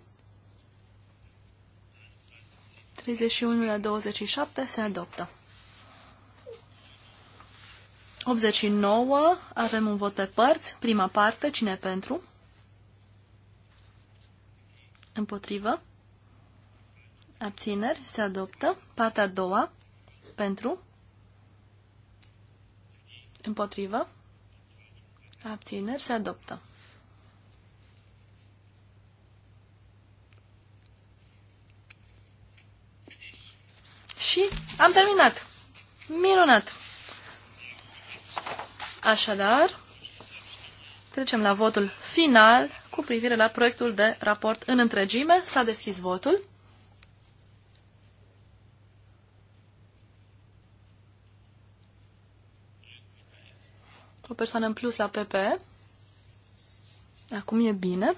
31 la 27 se adoptă. 89, avem un vot pe părți. Prima parte, cine pentru? Împotrivă. Abțineri, se adoptă. Partea a doua, pentru? Împotrivă? Abțineri se adoptă. Și am terminat. Minunat! Așadar, trecem la votul final cu privire la proiectul de raport în întregime. S-a deschis votul. persoană în plus la PP. Acum e bine.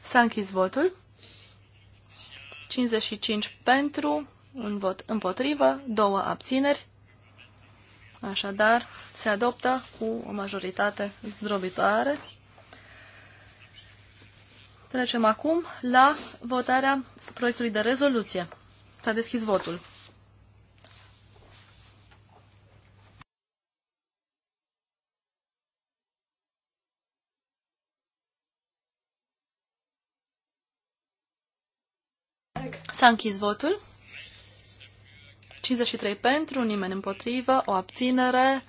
S-a închis votul. 55 pentru, un vot împotrivă, două abțineri. Așadar, se adoptă cu o majoritate zdrobitoare. Trecem acum la votarea proiectului de rezoluție. S-a deschis votul. S-a închis votul. 53 pentru, nimeni împotrivă, o abținere.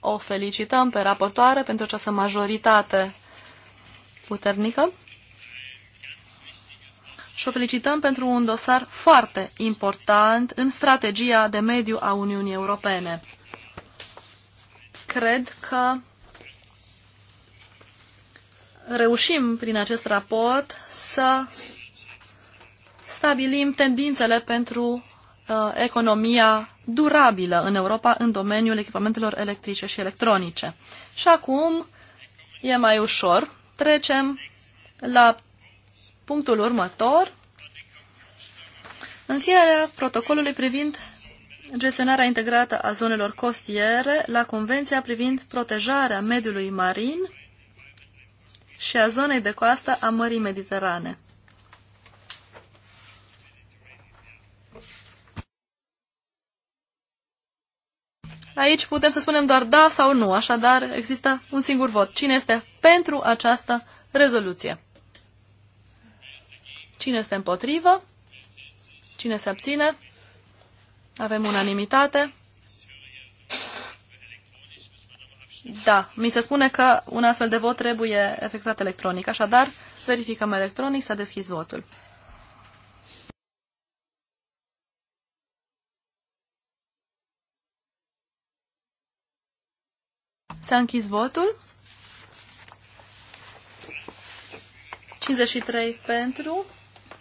O felicităm pe raportoare pentru această majoritate puternică și o felicităm pentru un dosar foarte important în strategia de mediu a Uniunii Europene. Cred că reușim prin acest raport să stabilim tendințele pentru uh, economia durabilă în Europa în domeniul echipamentelor electrice și electronice. Și acum e mai ușor. Trecem la punctul următor, încheierea protocolului privind gestionarea integrată a zonelor costiere la Convenția privind protejarea mediului marin și a zonei de coastă a Mării Mediterane. Aici putem să spunem doar da sau nu, așadar există un singur vot. Cine este pentru această rezoluție? Cine este împotrivă? Cine se abține? Avem unanimitate. Da, mi se spune că un astfel de vot trebuie efectuat electronic, așadar verificăm electronic, s-a deschis votul. S-a închis votul. 53 pentru,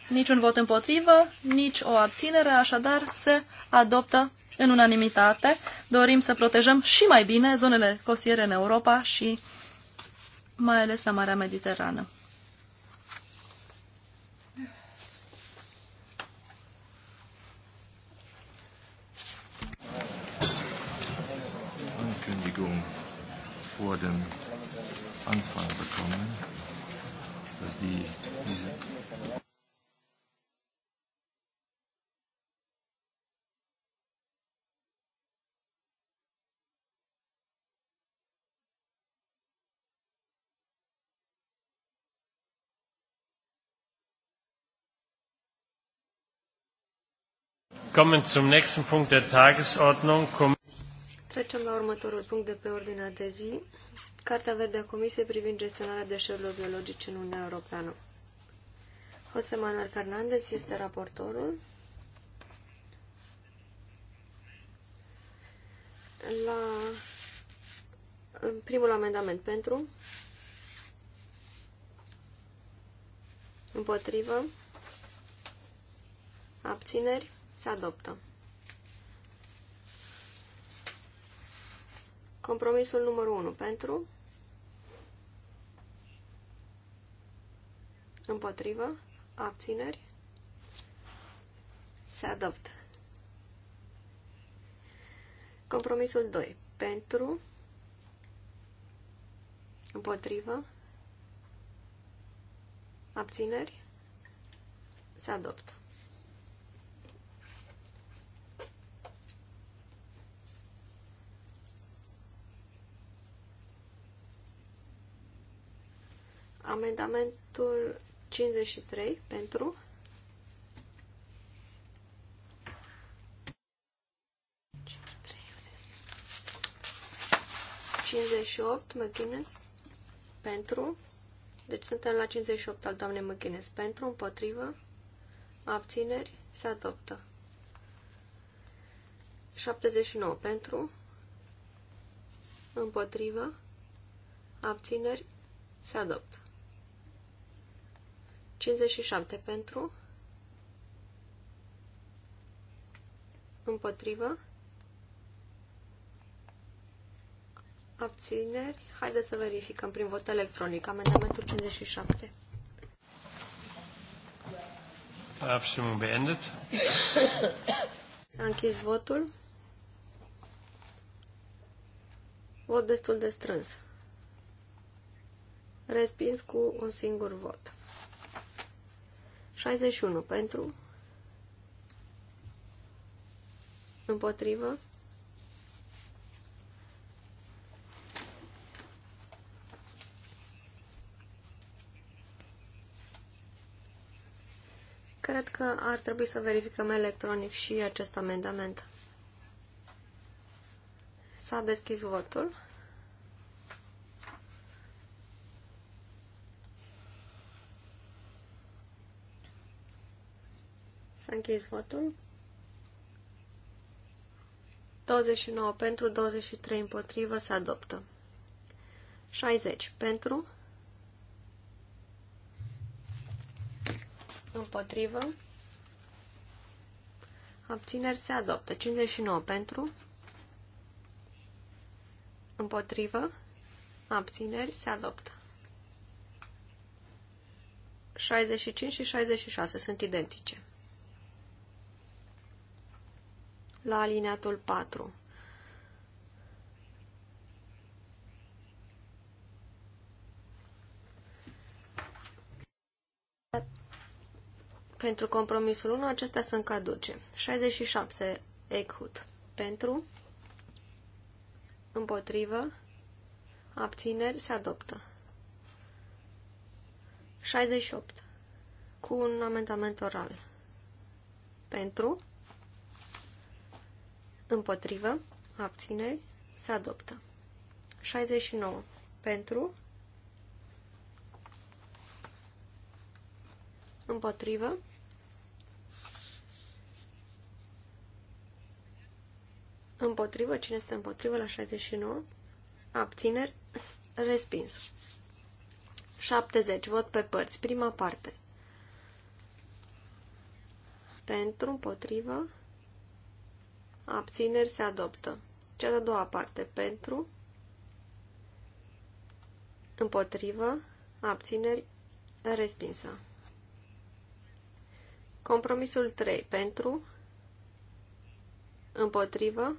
niciun vot împotrivă, nici o abținere, așadar se adoptă în unanimitate. Dorim să protejăm și mai bine zonele costiere în Europa și mai ales la Marea Mediterană. vor dem Anfang bekommen, dass die Trecem la următorul punct de pe ordinea de zi, Cartea Verde a Comisiei privind gestionarea deșeurilor biologice în Uniunea Europeană. José Manuel Fernández este raportorul. La primul amendament pentru, împotrivă, abțineri, se adoptă. Compromisul numărul 1 pentru, împotrivă, abțineri, se adoptă. Compromisul 2 pentru, împotrivă, abțineri, se adoptă. Amendamentul 53 pentru. ...58 McGuinness pentru, deci suntem la 58 al doamnei McGuinness, pentru, împotrivă, abțineri, se adoptă. 79 pentru, împotrivă, abțineri, se adoptă. 57 pentru, împotrivă, abțineri. Haideți să verificăm prin vot electronic amendamentul 57. Abstimmung beendet. S-a închis votul. Vot destul de strâns. Respins cu un singur vot. 61 pentru, împotrivă, Cred că ar trebui să verificăm electronic și acest amendament. S-a deschis votul. Să închizi votul. 29 pentru, 23 împotrivă, se adoptă. 60 pentru, împotrivă, abțineri se adoptă. 59 pentru, împotrivă, abțineri se adoptă. 65 și 66 sunt identice. la alineatul 4. Pentru compromisul 1, acestea sunt caduce. 67 Eichhut. Pentru, împotrivă, abțineri, se adoptă. 68. Cu un amendament oral. Pentru, Împotrivă. abține, Se adoptă. 69. Pentru. Împotrivă. Împotrivă. Cine este împotrivă la 69? Abțineri. Respins. 70. Vot pe părți. Prima parte. Pentru, împotrivă, abțineri se adoptă. Cea de-a doua parte pentru, împotrivă, abțineri respinsă. Compromisul 3 pentru, împotrivă,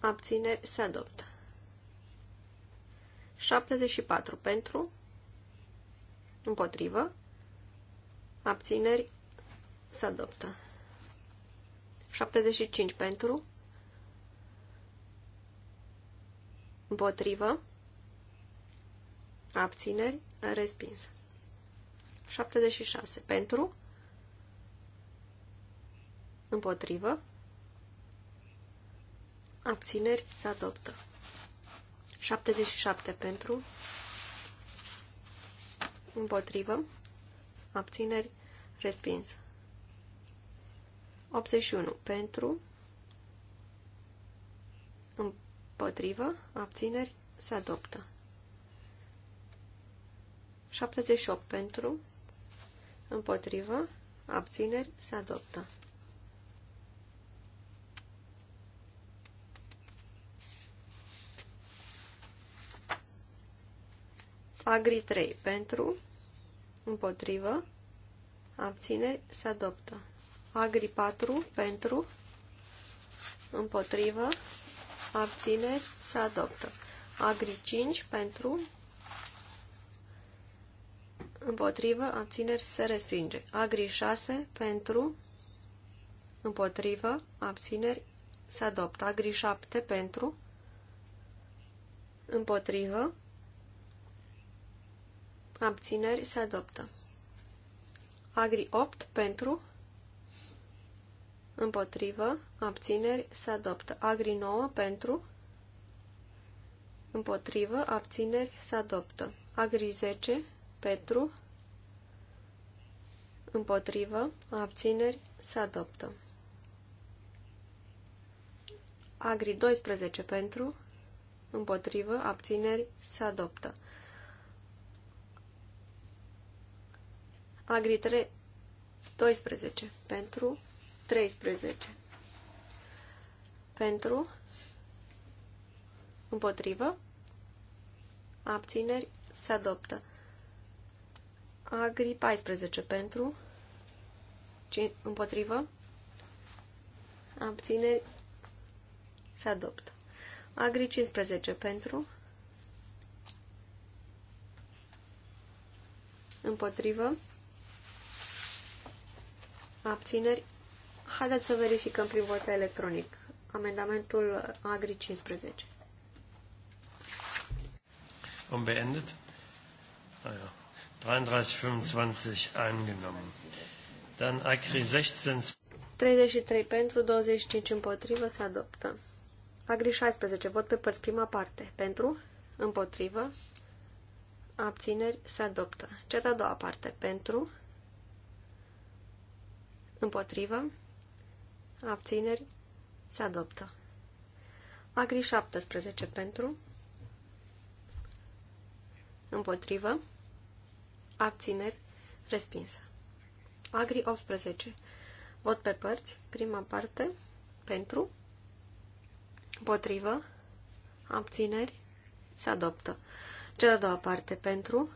abțineri se adoptă. 74 pentru, împotrivă, abțineri se adoptă. 75 pentru, împotrivă, abțineri, respins. 76 pentru, împotrivă, abțineri, se adoptă. 77 pentru, împotrivă, abțineri, respins. 81. Pentru, împotrivă, abțineri, se adoptă. 78. Pentru, împotrivă, abțineri, se adoptă. 3. Pentru, împotrivă, abțineri, se adoptă. Agri 4 pentru, împotrivă, abțineri, se adoptă. Agri 5 pentru, împotrivă, abțineri, se respinge. Agri 6 pentru, împotrivă, abțineri, se adoptă. Agri 7 pentru, împotrivă, abțineri, se adoptă. Agri 8 pentru, Împotrivă. Abțineri. Se adoptă. Agri 9 pentru. Împotrivă. Abțineri. Se adoptă. Agri 10 pentru. Împotrivă. Abțineri. Se adoptă. Agri 12 pentru. Împotrivă. Abțineri. Se adoptă. Agri 3, 12 pentru 13. Pentru, împotrivă, abțineri, se adoptă. Agri 14 pentru, împotrivă, abțineri, se adoptă. Agri 15 pentru, împotrivă, abțineri, Haideți să verificăm prin vot electronic. Amendamentul Agri 15. beendet? Ah ja. 33, 25 angenommen. Dann Agri 16. 33 pentru, 25 împotrivă, se adoptă. Agri 16, vot pe părți, prima parte. Pentru, împotrivă, abțineri, se adoptă. Cea de-a doua parte, pentru, împotrivă, abțineri, se adoptă. Agri 17 pentru, împotrivă, abțineri, respinsă. Agri 18, vot pe părți, prima parte, pentru, împotrivă, abțineri, se adoptă. Cea de-a doua parte, pentru,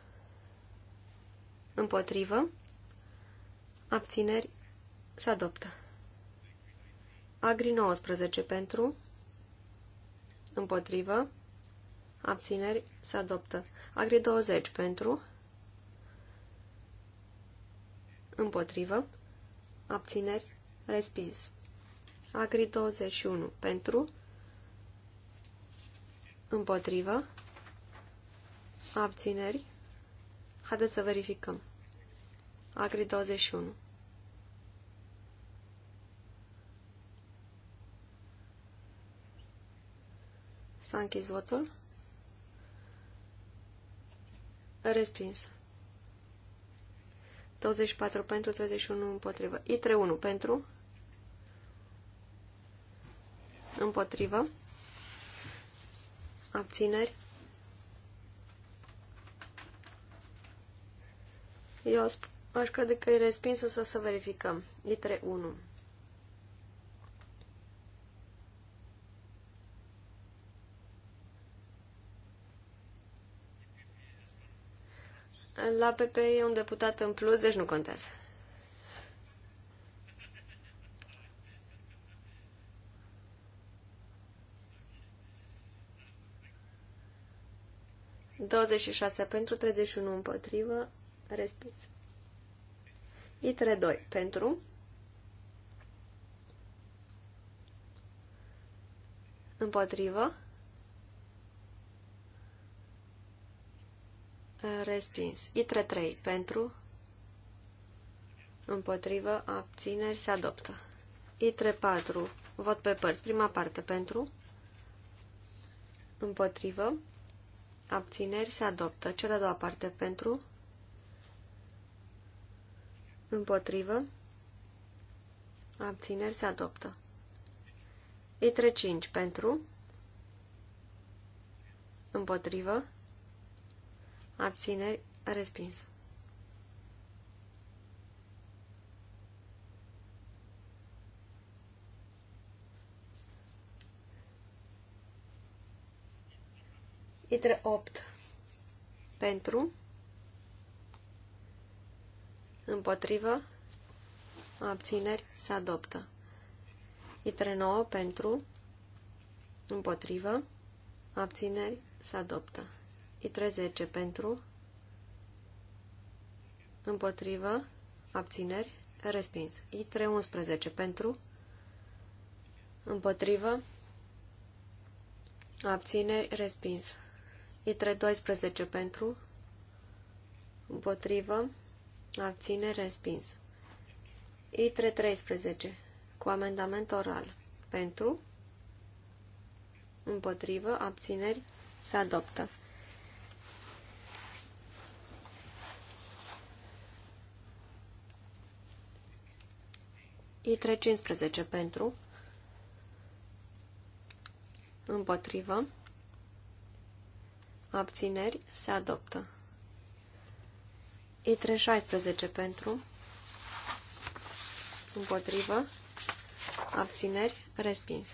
împotrivă, abțineri, se adoptă. Agri 19 pentru, împotrivă, abțineri, se adoptă. Agri 20 pentru, împotrivă, abțineri, respins. Agri 21 pentru, împotrivă, abțineri, haideți să verificăm. Agri 21 S-a închis votul. Respins. 24 pentru, 31 împotrivă. i 3 1 pentru. Împotrivă. Abțineri. Eu aș crede că e respinsă să, să verificăm. i 3 1. La PP e un deputat în plus, deci nu contează. Douăzeci și pentru, treizeci și unu împotrivă, respins. Itre 2 pentru, împotrivă, respins. ITRE 3 pentru, împotrivă, abțineri, se adoptă. ITRE 4, vot pe părți, prima parte pentru, împotrivă, abțineri, se adoptă. Cea de-a doua parte pentru, împotrivă, abțineri, se adoptă. ITRE 5 pentru, împotrivă, abțineri, respins. Itre 8 pentru, împotrivă, abțineri, se adoptă. Itre 9 pentru, împotrivă, abțineri, se adoptă. I13 pentru, împotrivă, abțineri, respins. I311 pentru, împotrivă, abțineri, respins. I312 pentru, împotrivă, abțineri, respins. I313 cu amendament oral pentru, împotrivă, abțineri, se adoptă. E3 15 pentru, împotrivă, abțineri, se adoptă. E3 16 pentru, împotrivă, abțineri, respins.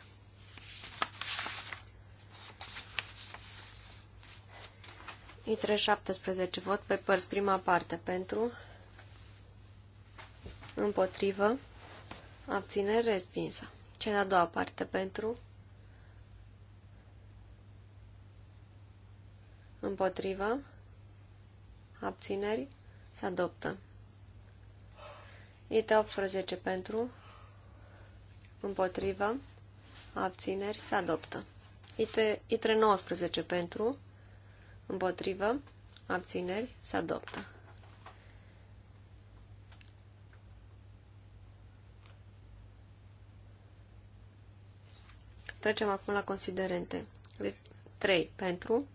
i 17 vot pe părți prima parte pentru, împotrivă, Abțineri respinsă. Cea de-a doua parte pentru. Împotrivă. Abțineri. Se adoptă. IT 18 pentru. Împotrivă. Abțineri. Se adoptă. IT, IT 19 pentru. Împotrivă. Abțineri. Se adoptă. Trecem acum la considerente. 3. Deci, pentru.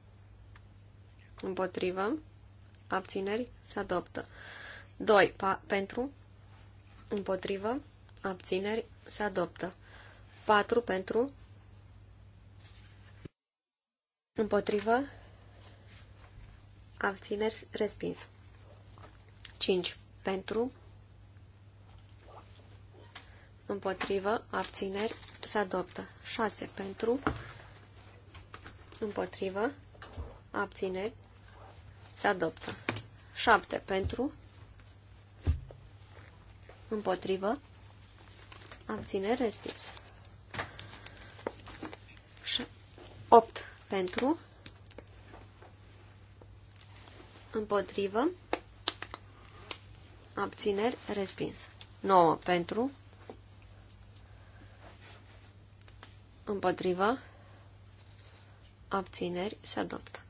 Împotrivă. Abțineri. Se adoptă. 2. Pa, pentru. Împotrivă. Abțineri. Se adoptă. 4. Pentru. Împotrivă. Abțineri. Respins. 5. Pentru. Împotrivă. Abțineri se adoptă. 6 pentru, împotrivă, abțineri, se adoptă. 7 pentru, împotrivă, abțineri, respins. 8 pentru, împotrivă, abțineri, respins. 9 pentru, Împotrivă. Abțineri. Se adoptă.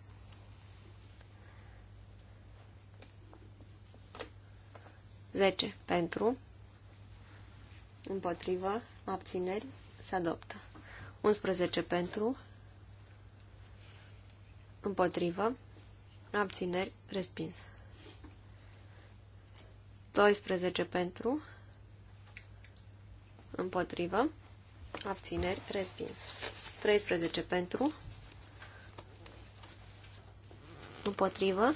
Zece. Pentru. Împotrivă. Abțineri. Se adoptă. 11 pentru. Împotrivă. Abțineri. Respins. 12 pentru. Împotrivă abțineri, respins. 13 pentru, împotrivă,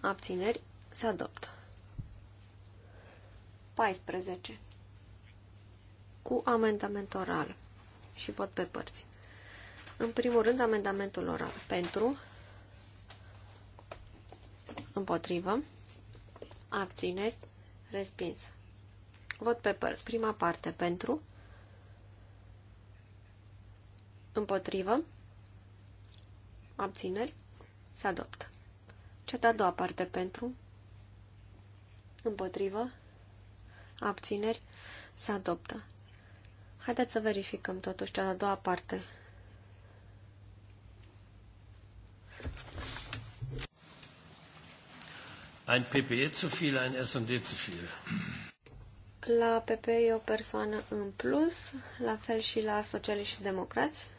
abțineri, se adoptă. 14. Cu amendament oral și vot pe părți. În primul rând, amendamentul oral. Pentru, împotrivă, abțineri, respins. Vot pe părți. Prima parte pentru, Împotrivă. Abțineri. Se adoptă. Cea de-a doua parte pentru. Împotrivă. Abțineri. Se adoptă. Haideți să verificăm totuși cea de-a doua parte. Ein PPE zu viel, ein S&D zu viel. La PP e o persoană în plus, la fel și la socialiști și democrați.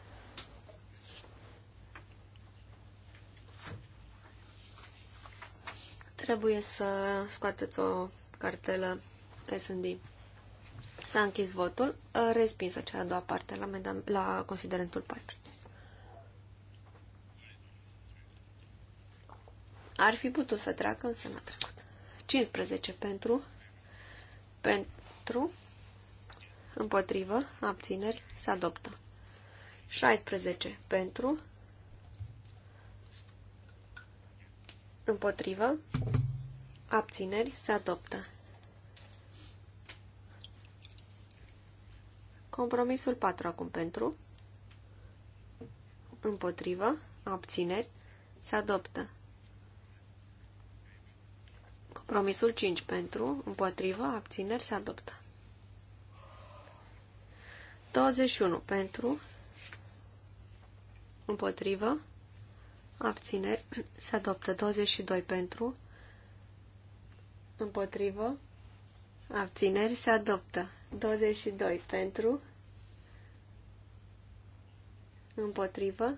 Trebuie să scoateți o cartelă S&D. S-a închis votul. Respinsă cea a doua parte la, medam, la considerentul 14. Ar fi putut să treacă, însă n-a trecut. 15 pentru, pentru, împotrivă, abțineri, se adoptă. 16 pentru, Împotrivă. Abțineri. Se adoptă. Compromisul 4 acum pentru. Împotrivă. Abțineri. Se adoptă. Compromisul 5 pentru. Împotrivă. Abțineri. Se adoptă. 21 pentru. Împotrivă abțineri, se adoptă 22 pentru, împotrivă, abțineri, se adoptă 22 pentru, împotrivă,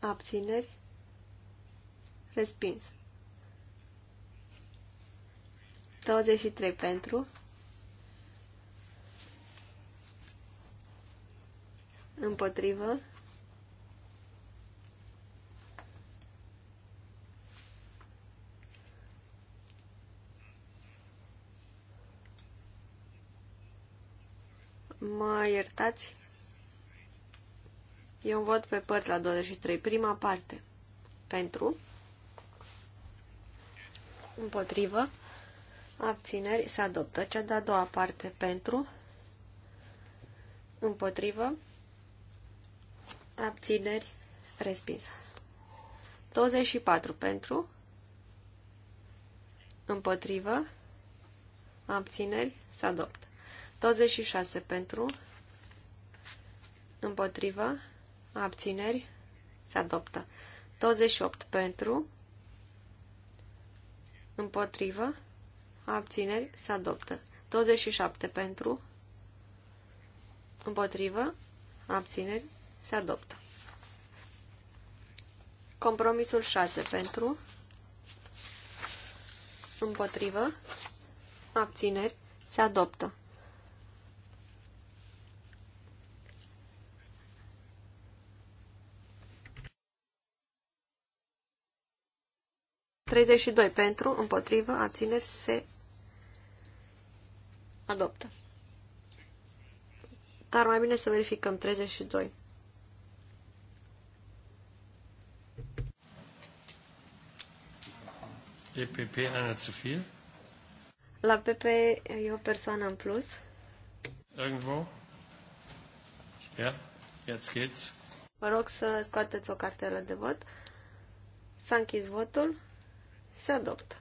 abțineri, respins. 23 pentru, împotrivă, Mă iertați? Eu îmi vot pe părți la 23. Prima parte. Pentru. Împotrivă. Abțineri. Se adoptă. Cea de-a doua parte. Pentru. Împotrivă. Abțineri. respinsă. 24. Pentru. Împotrivă. Abțineri. Se adoptă. 26 pentru, împotrivă, abțineri, se adoptă. 28 pentru, împotrivă, abțineri, se adoptă. 27 pentru, împotrivă, abțineri, se adoptă. Compromisul 6 pentru, împotrivă, abțineri, se adoptă. 32 pentru, împotrivă, abțineri se adoptă. Dar mai bine să verificăm 32. E PP einer zu La PP e o persoană în plus. Irgendwo? Ja, jetzt geht's. Vă rog să scoateți o cartelă de vot. S-a închis votul se adoptă.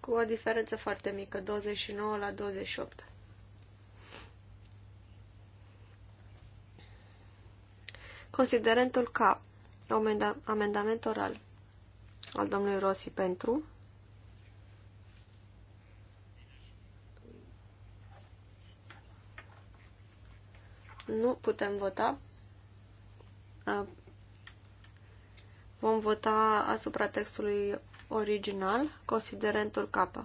Cu o diferență foarte mică, 29 la 28. Considerentul ca amendament oral al domnului Rossi pentru nu putem vota Vom vota asupra textului original, considerentul K.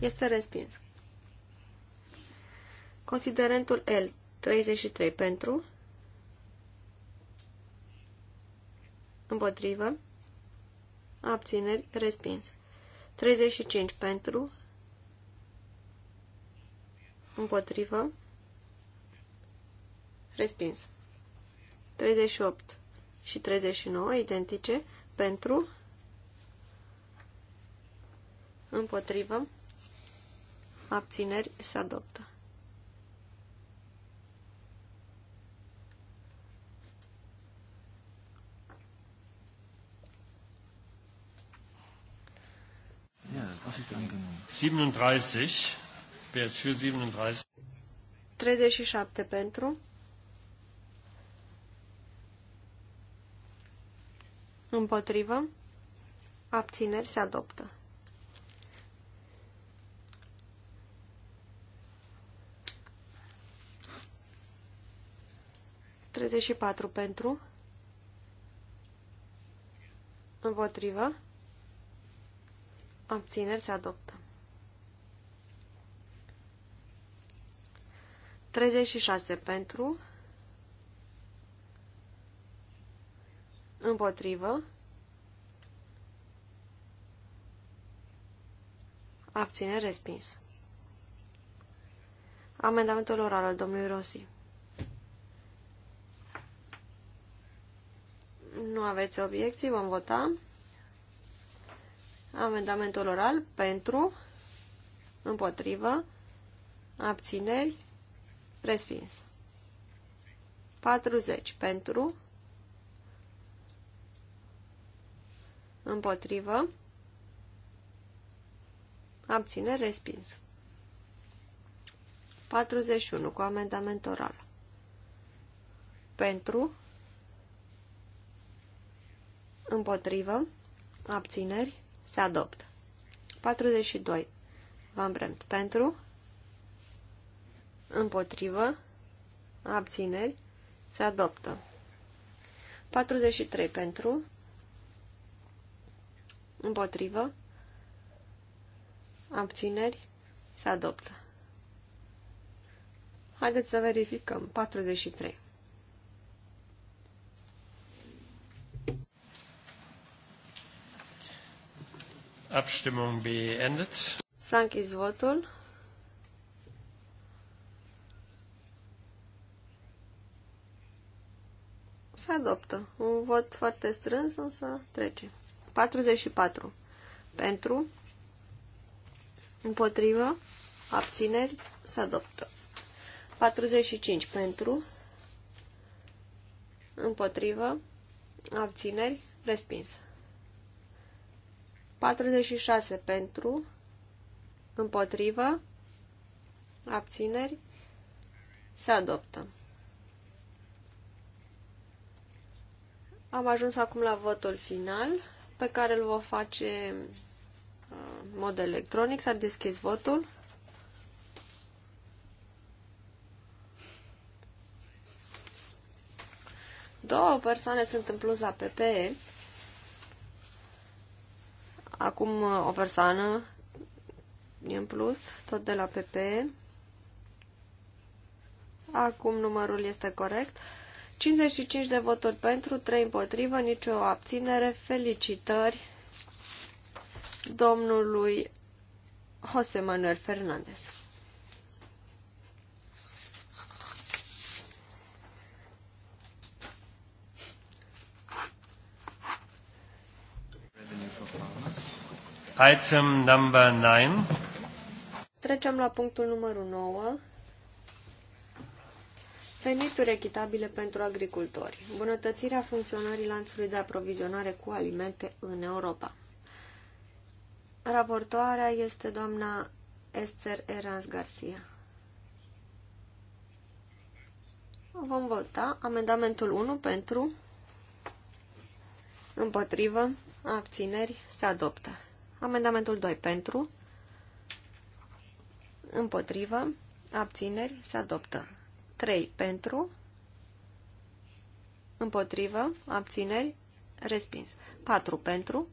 Este respins. Considerentul L, 33 pentru, împotrivă, abțineri, respins. 35 pentru, Împotrivă. Respins. 38 și 39, identice, pentru, împotrivă, abțineri, se adoptă. Ja, das 37. Wer ist 37? Împotrivă. Abțineri se adoptă. Treizeci și patru pentru. Împotrivă. Abțineri se adoptă. 36 pentru, împotrivă, abține respins. Amendamentul oral al domnului Rossi. Nu aveți obiecții, vom vota. Amendamentul oral pentru, împotrivă, abțineri, Respins. 40 pentru. Împotrivă. Abține. Respins. 41 cu amendament oral. Pentru. Împotrivă. Abțineri. Se adoptă. 42. v-am Bremt. Pentru. Împotrivă. Abțineri. Se adoptă. 43 pentru. Împotrivă. Abțineri. Se adoptă. Haideți să verificăm. 43. Abstimmung beendet. S-a închis votul. Se adoptă. Un vot foarte strâns, însă trece. 44. Pentru. Împotrivă. Abțineri. Se adoptă. 45. Pentru. Împotrivă. Abțineri. Respins. 46. Pentru. Împotrivă. Abțineri. Se adoptă. Am ajuns acum la votul final, pe care îl vom face uh, în mod electronic. S-a deschis votul. Două persoane sunt în plus la PPE. Acum uh, o persoană e în plus, tot de la PPE. Acum numărul este corect. 55 de voturi pentru, 3 împotrivă, nicio abținere. Felicitări domnului José Manuel Fernández. Item number 9. Trecem la punctul numărul 9 venituri echitabile pentru agricultori, îmbunătățirea funcționării lanțului de aprovizionare cu alimente în Europa. Raportoarea este doamna Esther Erans Garcia. Vom vota amendamentul 1 pentru, împotrivă, abțineri, se adoptă. Amendamentul 2 pentru, împotrivă, abțineri, se adoptă. 3 pentru, împotrivă, abțineri, respins. 4 pentru,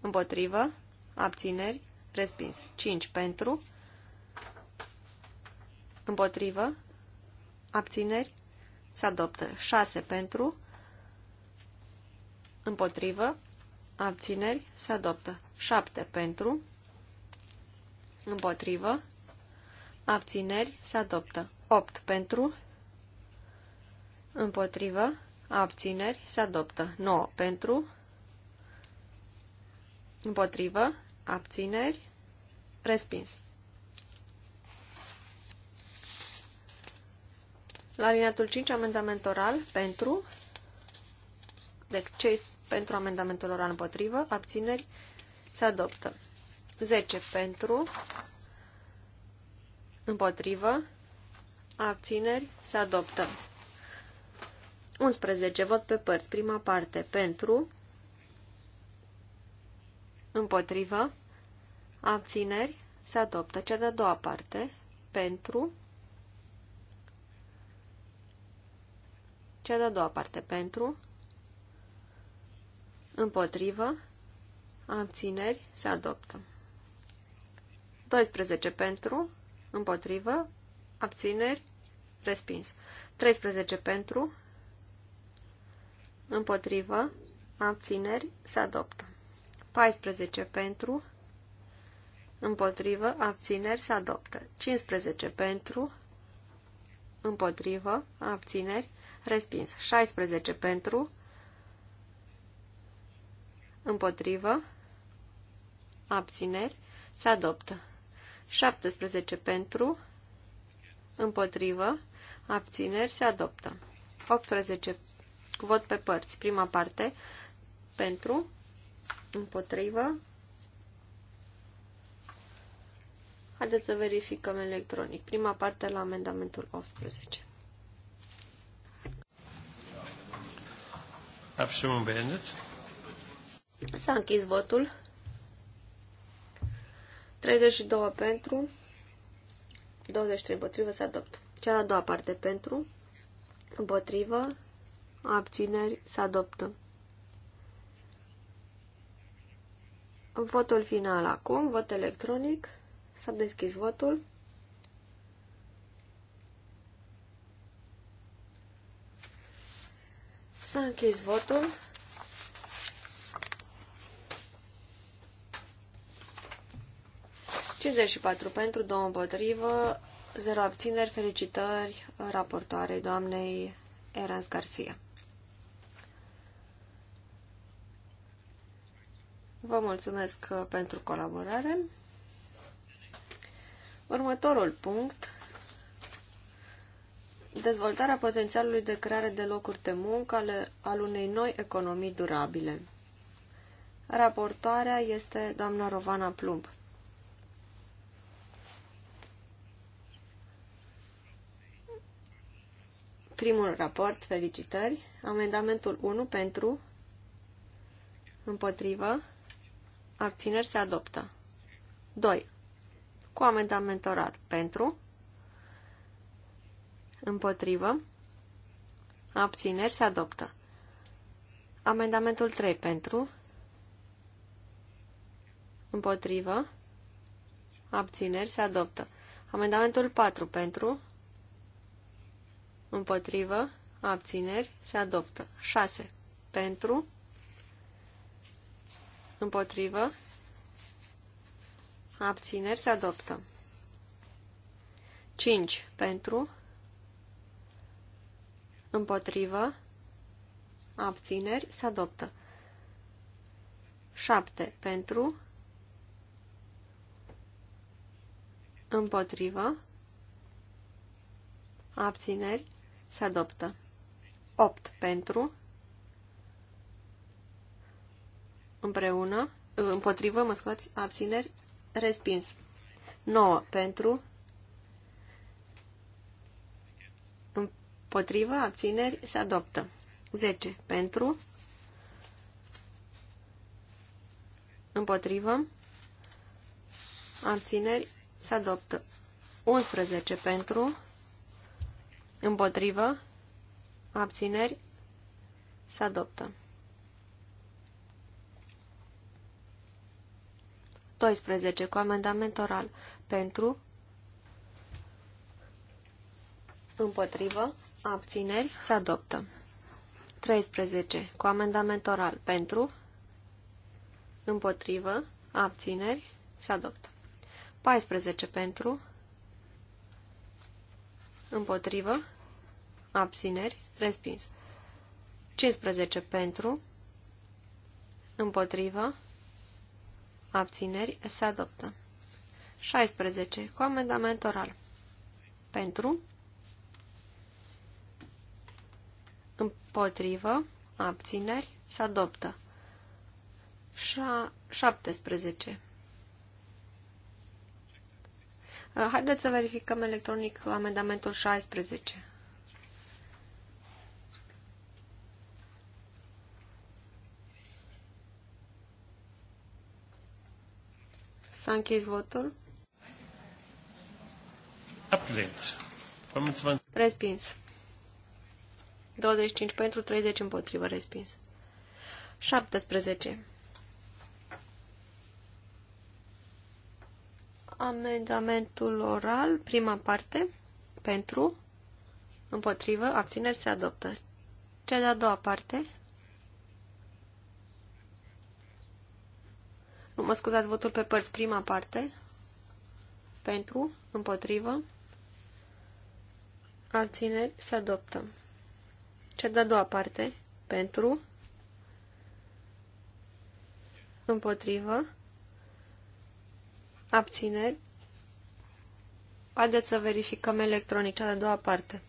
împotrivă, abțineri, respins. 5 pentru, împotrivă, abțineri, se adoptă. 6 pentru, împotrivă, abțineri, se adoptă. 7 pentru, împotrivă, abțineri, se adoptă. 8 pentru, împotrivă, abțineri, se adoptă. 9 pentru, împotrivă, abțineri, respins. La alineatul 5, amendament oral pentru, deci cei pentru amendamentul oral împotrivă, abțineri, se adoptă. 10 pentru, împotrivă, abțineri, se adoptă. 11. Vot pe părți. Prima parte. Pentru. Împotrivă. Abțineri. Se adoptă. Cea de-a doua parte. Pentru. Cea de-a doua parte. Pentru. Împotrivă. Abțineri. Se adoptă. 12. Pentru. Împotrivă abțineri, respins. 13 pentru, împotrivă, abțineri, se adoptă. 14 pentru, împotrivă, abțineri, se adoptă. 15 pentru, împotrivă, abțineri, respins. 16 pentru, împotrivă, abțineri, se adoptă. 17 pentru, împotrivă, abțineri, se adoptă. 18. Cu vot pe părți. Prima parte, pentru, împotrivă. Haideți să verificăm electronic. Prima parte la amendamentul 18. Abstimmung beendet. S-a închis votul. 32 pentru, 23 împotrivă se adoptă. Cea a doua parte pentru, împotrivă, abțineri se adoptă. Votul final acum, vot electronic. S-a deschis votul. S-a închis votul. 54 pentru, 2 împotrivă, 0 abțineri, felicitări raportoarei doamnei Erans Garcia. Vă mulțumesc pentru colaborare. Următorul punct. Dezvoltarea potențialului de creare de locuri de muncă ale, al unei noi economii durabile. Raportoarea este doamna Rovana Plumb. primul raport, felicitări. Amendamentul 1 pentru, împotrivă, abțineri se adoptă. 2. Cu amendament orar pentru, împotrivă, abțineri se adoptă. Amendamentul 3 pentru, împotrivă, abțineri se adoptă. Amendamentul 4 pentru, împotrivă, abțineri, se adoptă. 6. Pentru, împotrivă, abțineri, se adoptă. 5. Pentru, împotrivă, abțineri, se adoptă. 7. Pentru, împotrivă, abțineri, se adoptă. 8 pentru. Împreună. Împotrivă, mă scoți, abțineri. Respins. 9 pentru. Împotrivă, abțineri, se adoptă. 10 pentru. Împotrivă. Abțineri se adoptă. 11 pentru. Împotrivă. Abțineri. Se adoptă. 12. Cu amendament oral. Pentru. Împotrivă. Abțineri. Se adoptă. 13. Cu amendament oral. Pentru. Împotrivă. Abțineri. Se adoptă. 14. Pentru. Împotrivă abțineri, respins. 15 pentru, împotrivă, abțineri, se adoptă. 16. Cu amendament oral. Pentru, împotrivă, abțineri, se adoptă. 17. Haideți să verificăm electronic amendamentul 16. S-a închis votul. Respins. 25 pentru, 30 împotrivă, respins. 17. Amendamentul oral, prima parte, pentru, împotrivă, abțineri se adoptă. Cea de-a doua parte, Nu mă scuzați, votul pe părți, prima parte. Pentru, împotrivă, abțineri, se adoptă. Cea de-a doua parte, pentru, împotrivă, abțineri. Haideți să verificăm electronic cea de-a doua parte.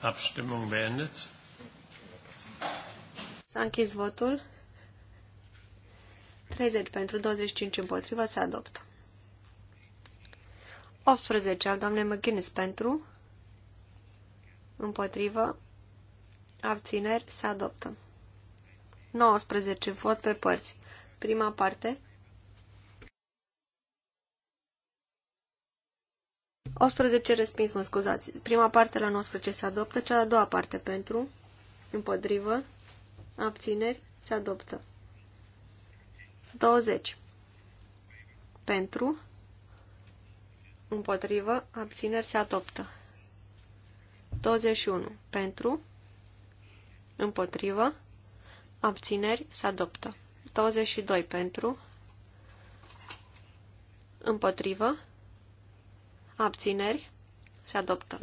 Abstimmung beendet. S-a închis votul. 30 pentru, 25 împotrivă, se adoptă. 18 al doamnei McGuinness pentru, împotrivă, abțineri, se adoptă. 19 vot pe părți. Prima parte. 18 respins, mă scuzați. Prima parte la 19 se adoptă, cea a doua parte pentru, împotrivă, abțineri, se adoptă. 20. Pentru, împotrivă, abțineri, se adoptă. 21. Pentru, împotrivă, abțineri, se adoptă. 22. Pentru, împotrivă, abțineri, se adoptă.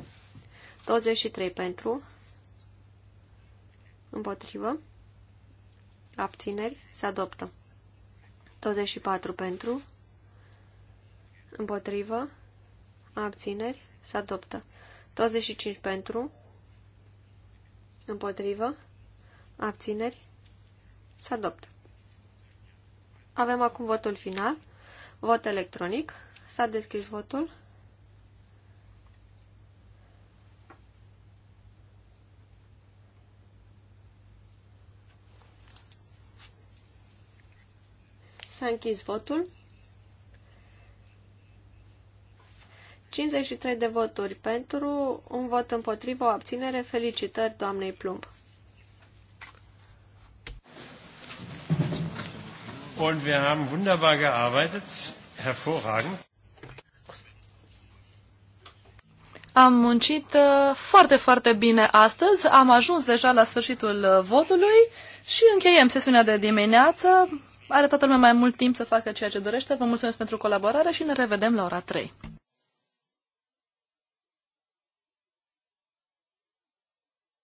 23. Pentru, împotrivă, Abțineri. Se adoptă. 24 pentru. Împotrivă. Abțineri. Se adoptă. 25 pentru. Împotrivă. Abțineri. Se adoptă. Avem acum votul final. Vot electronic. S-a deschis votul. S-a închis votul. 53 de voturi pentru, un vot împotrivă, o abținere. Felicitări doamnei Plumb. Und wir haben wunderbar gearbeitet, hervorragend. Am muncit uh, foarte, foarte bine astăzi. Am ajuns deja la sfârșitul uh, votului și încheiem sesiunea de dimineață. Are toată lumea mai mult timp să facă ceea ce dorește. Vă mulțumesc pentru colaborare și ne revedem la ora 3.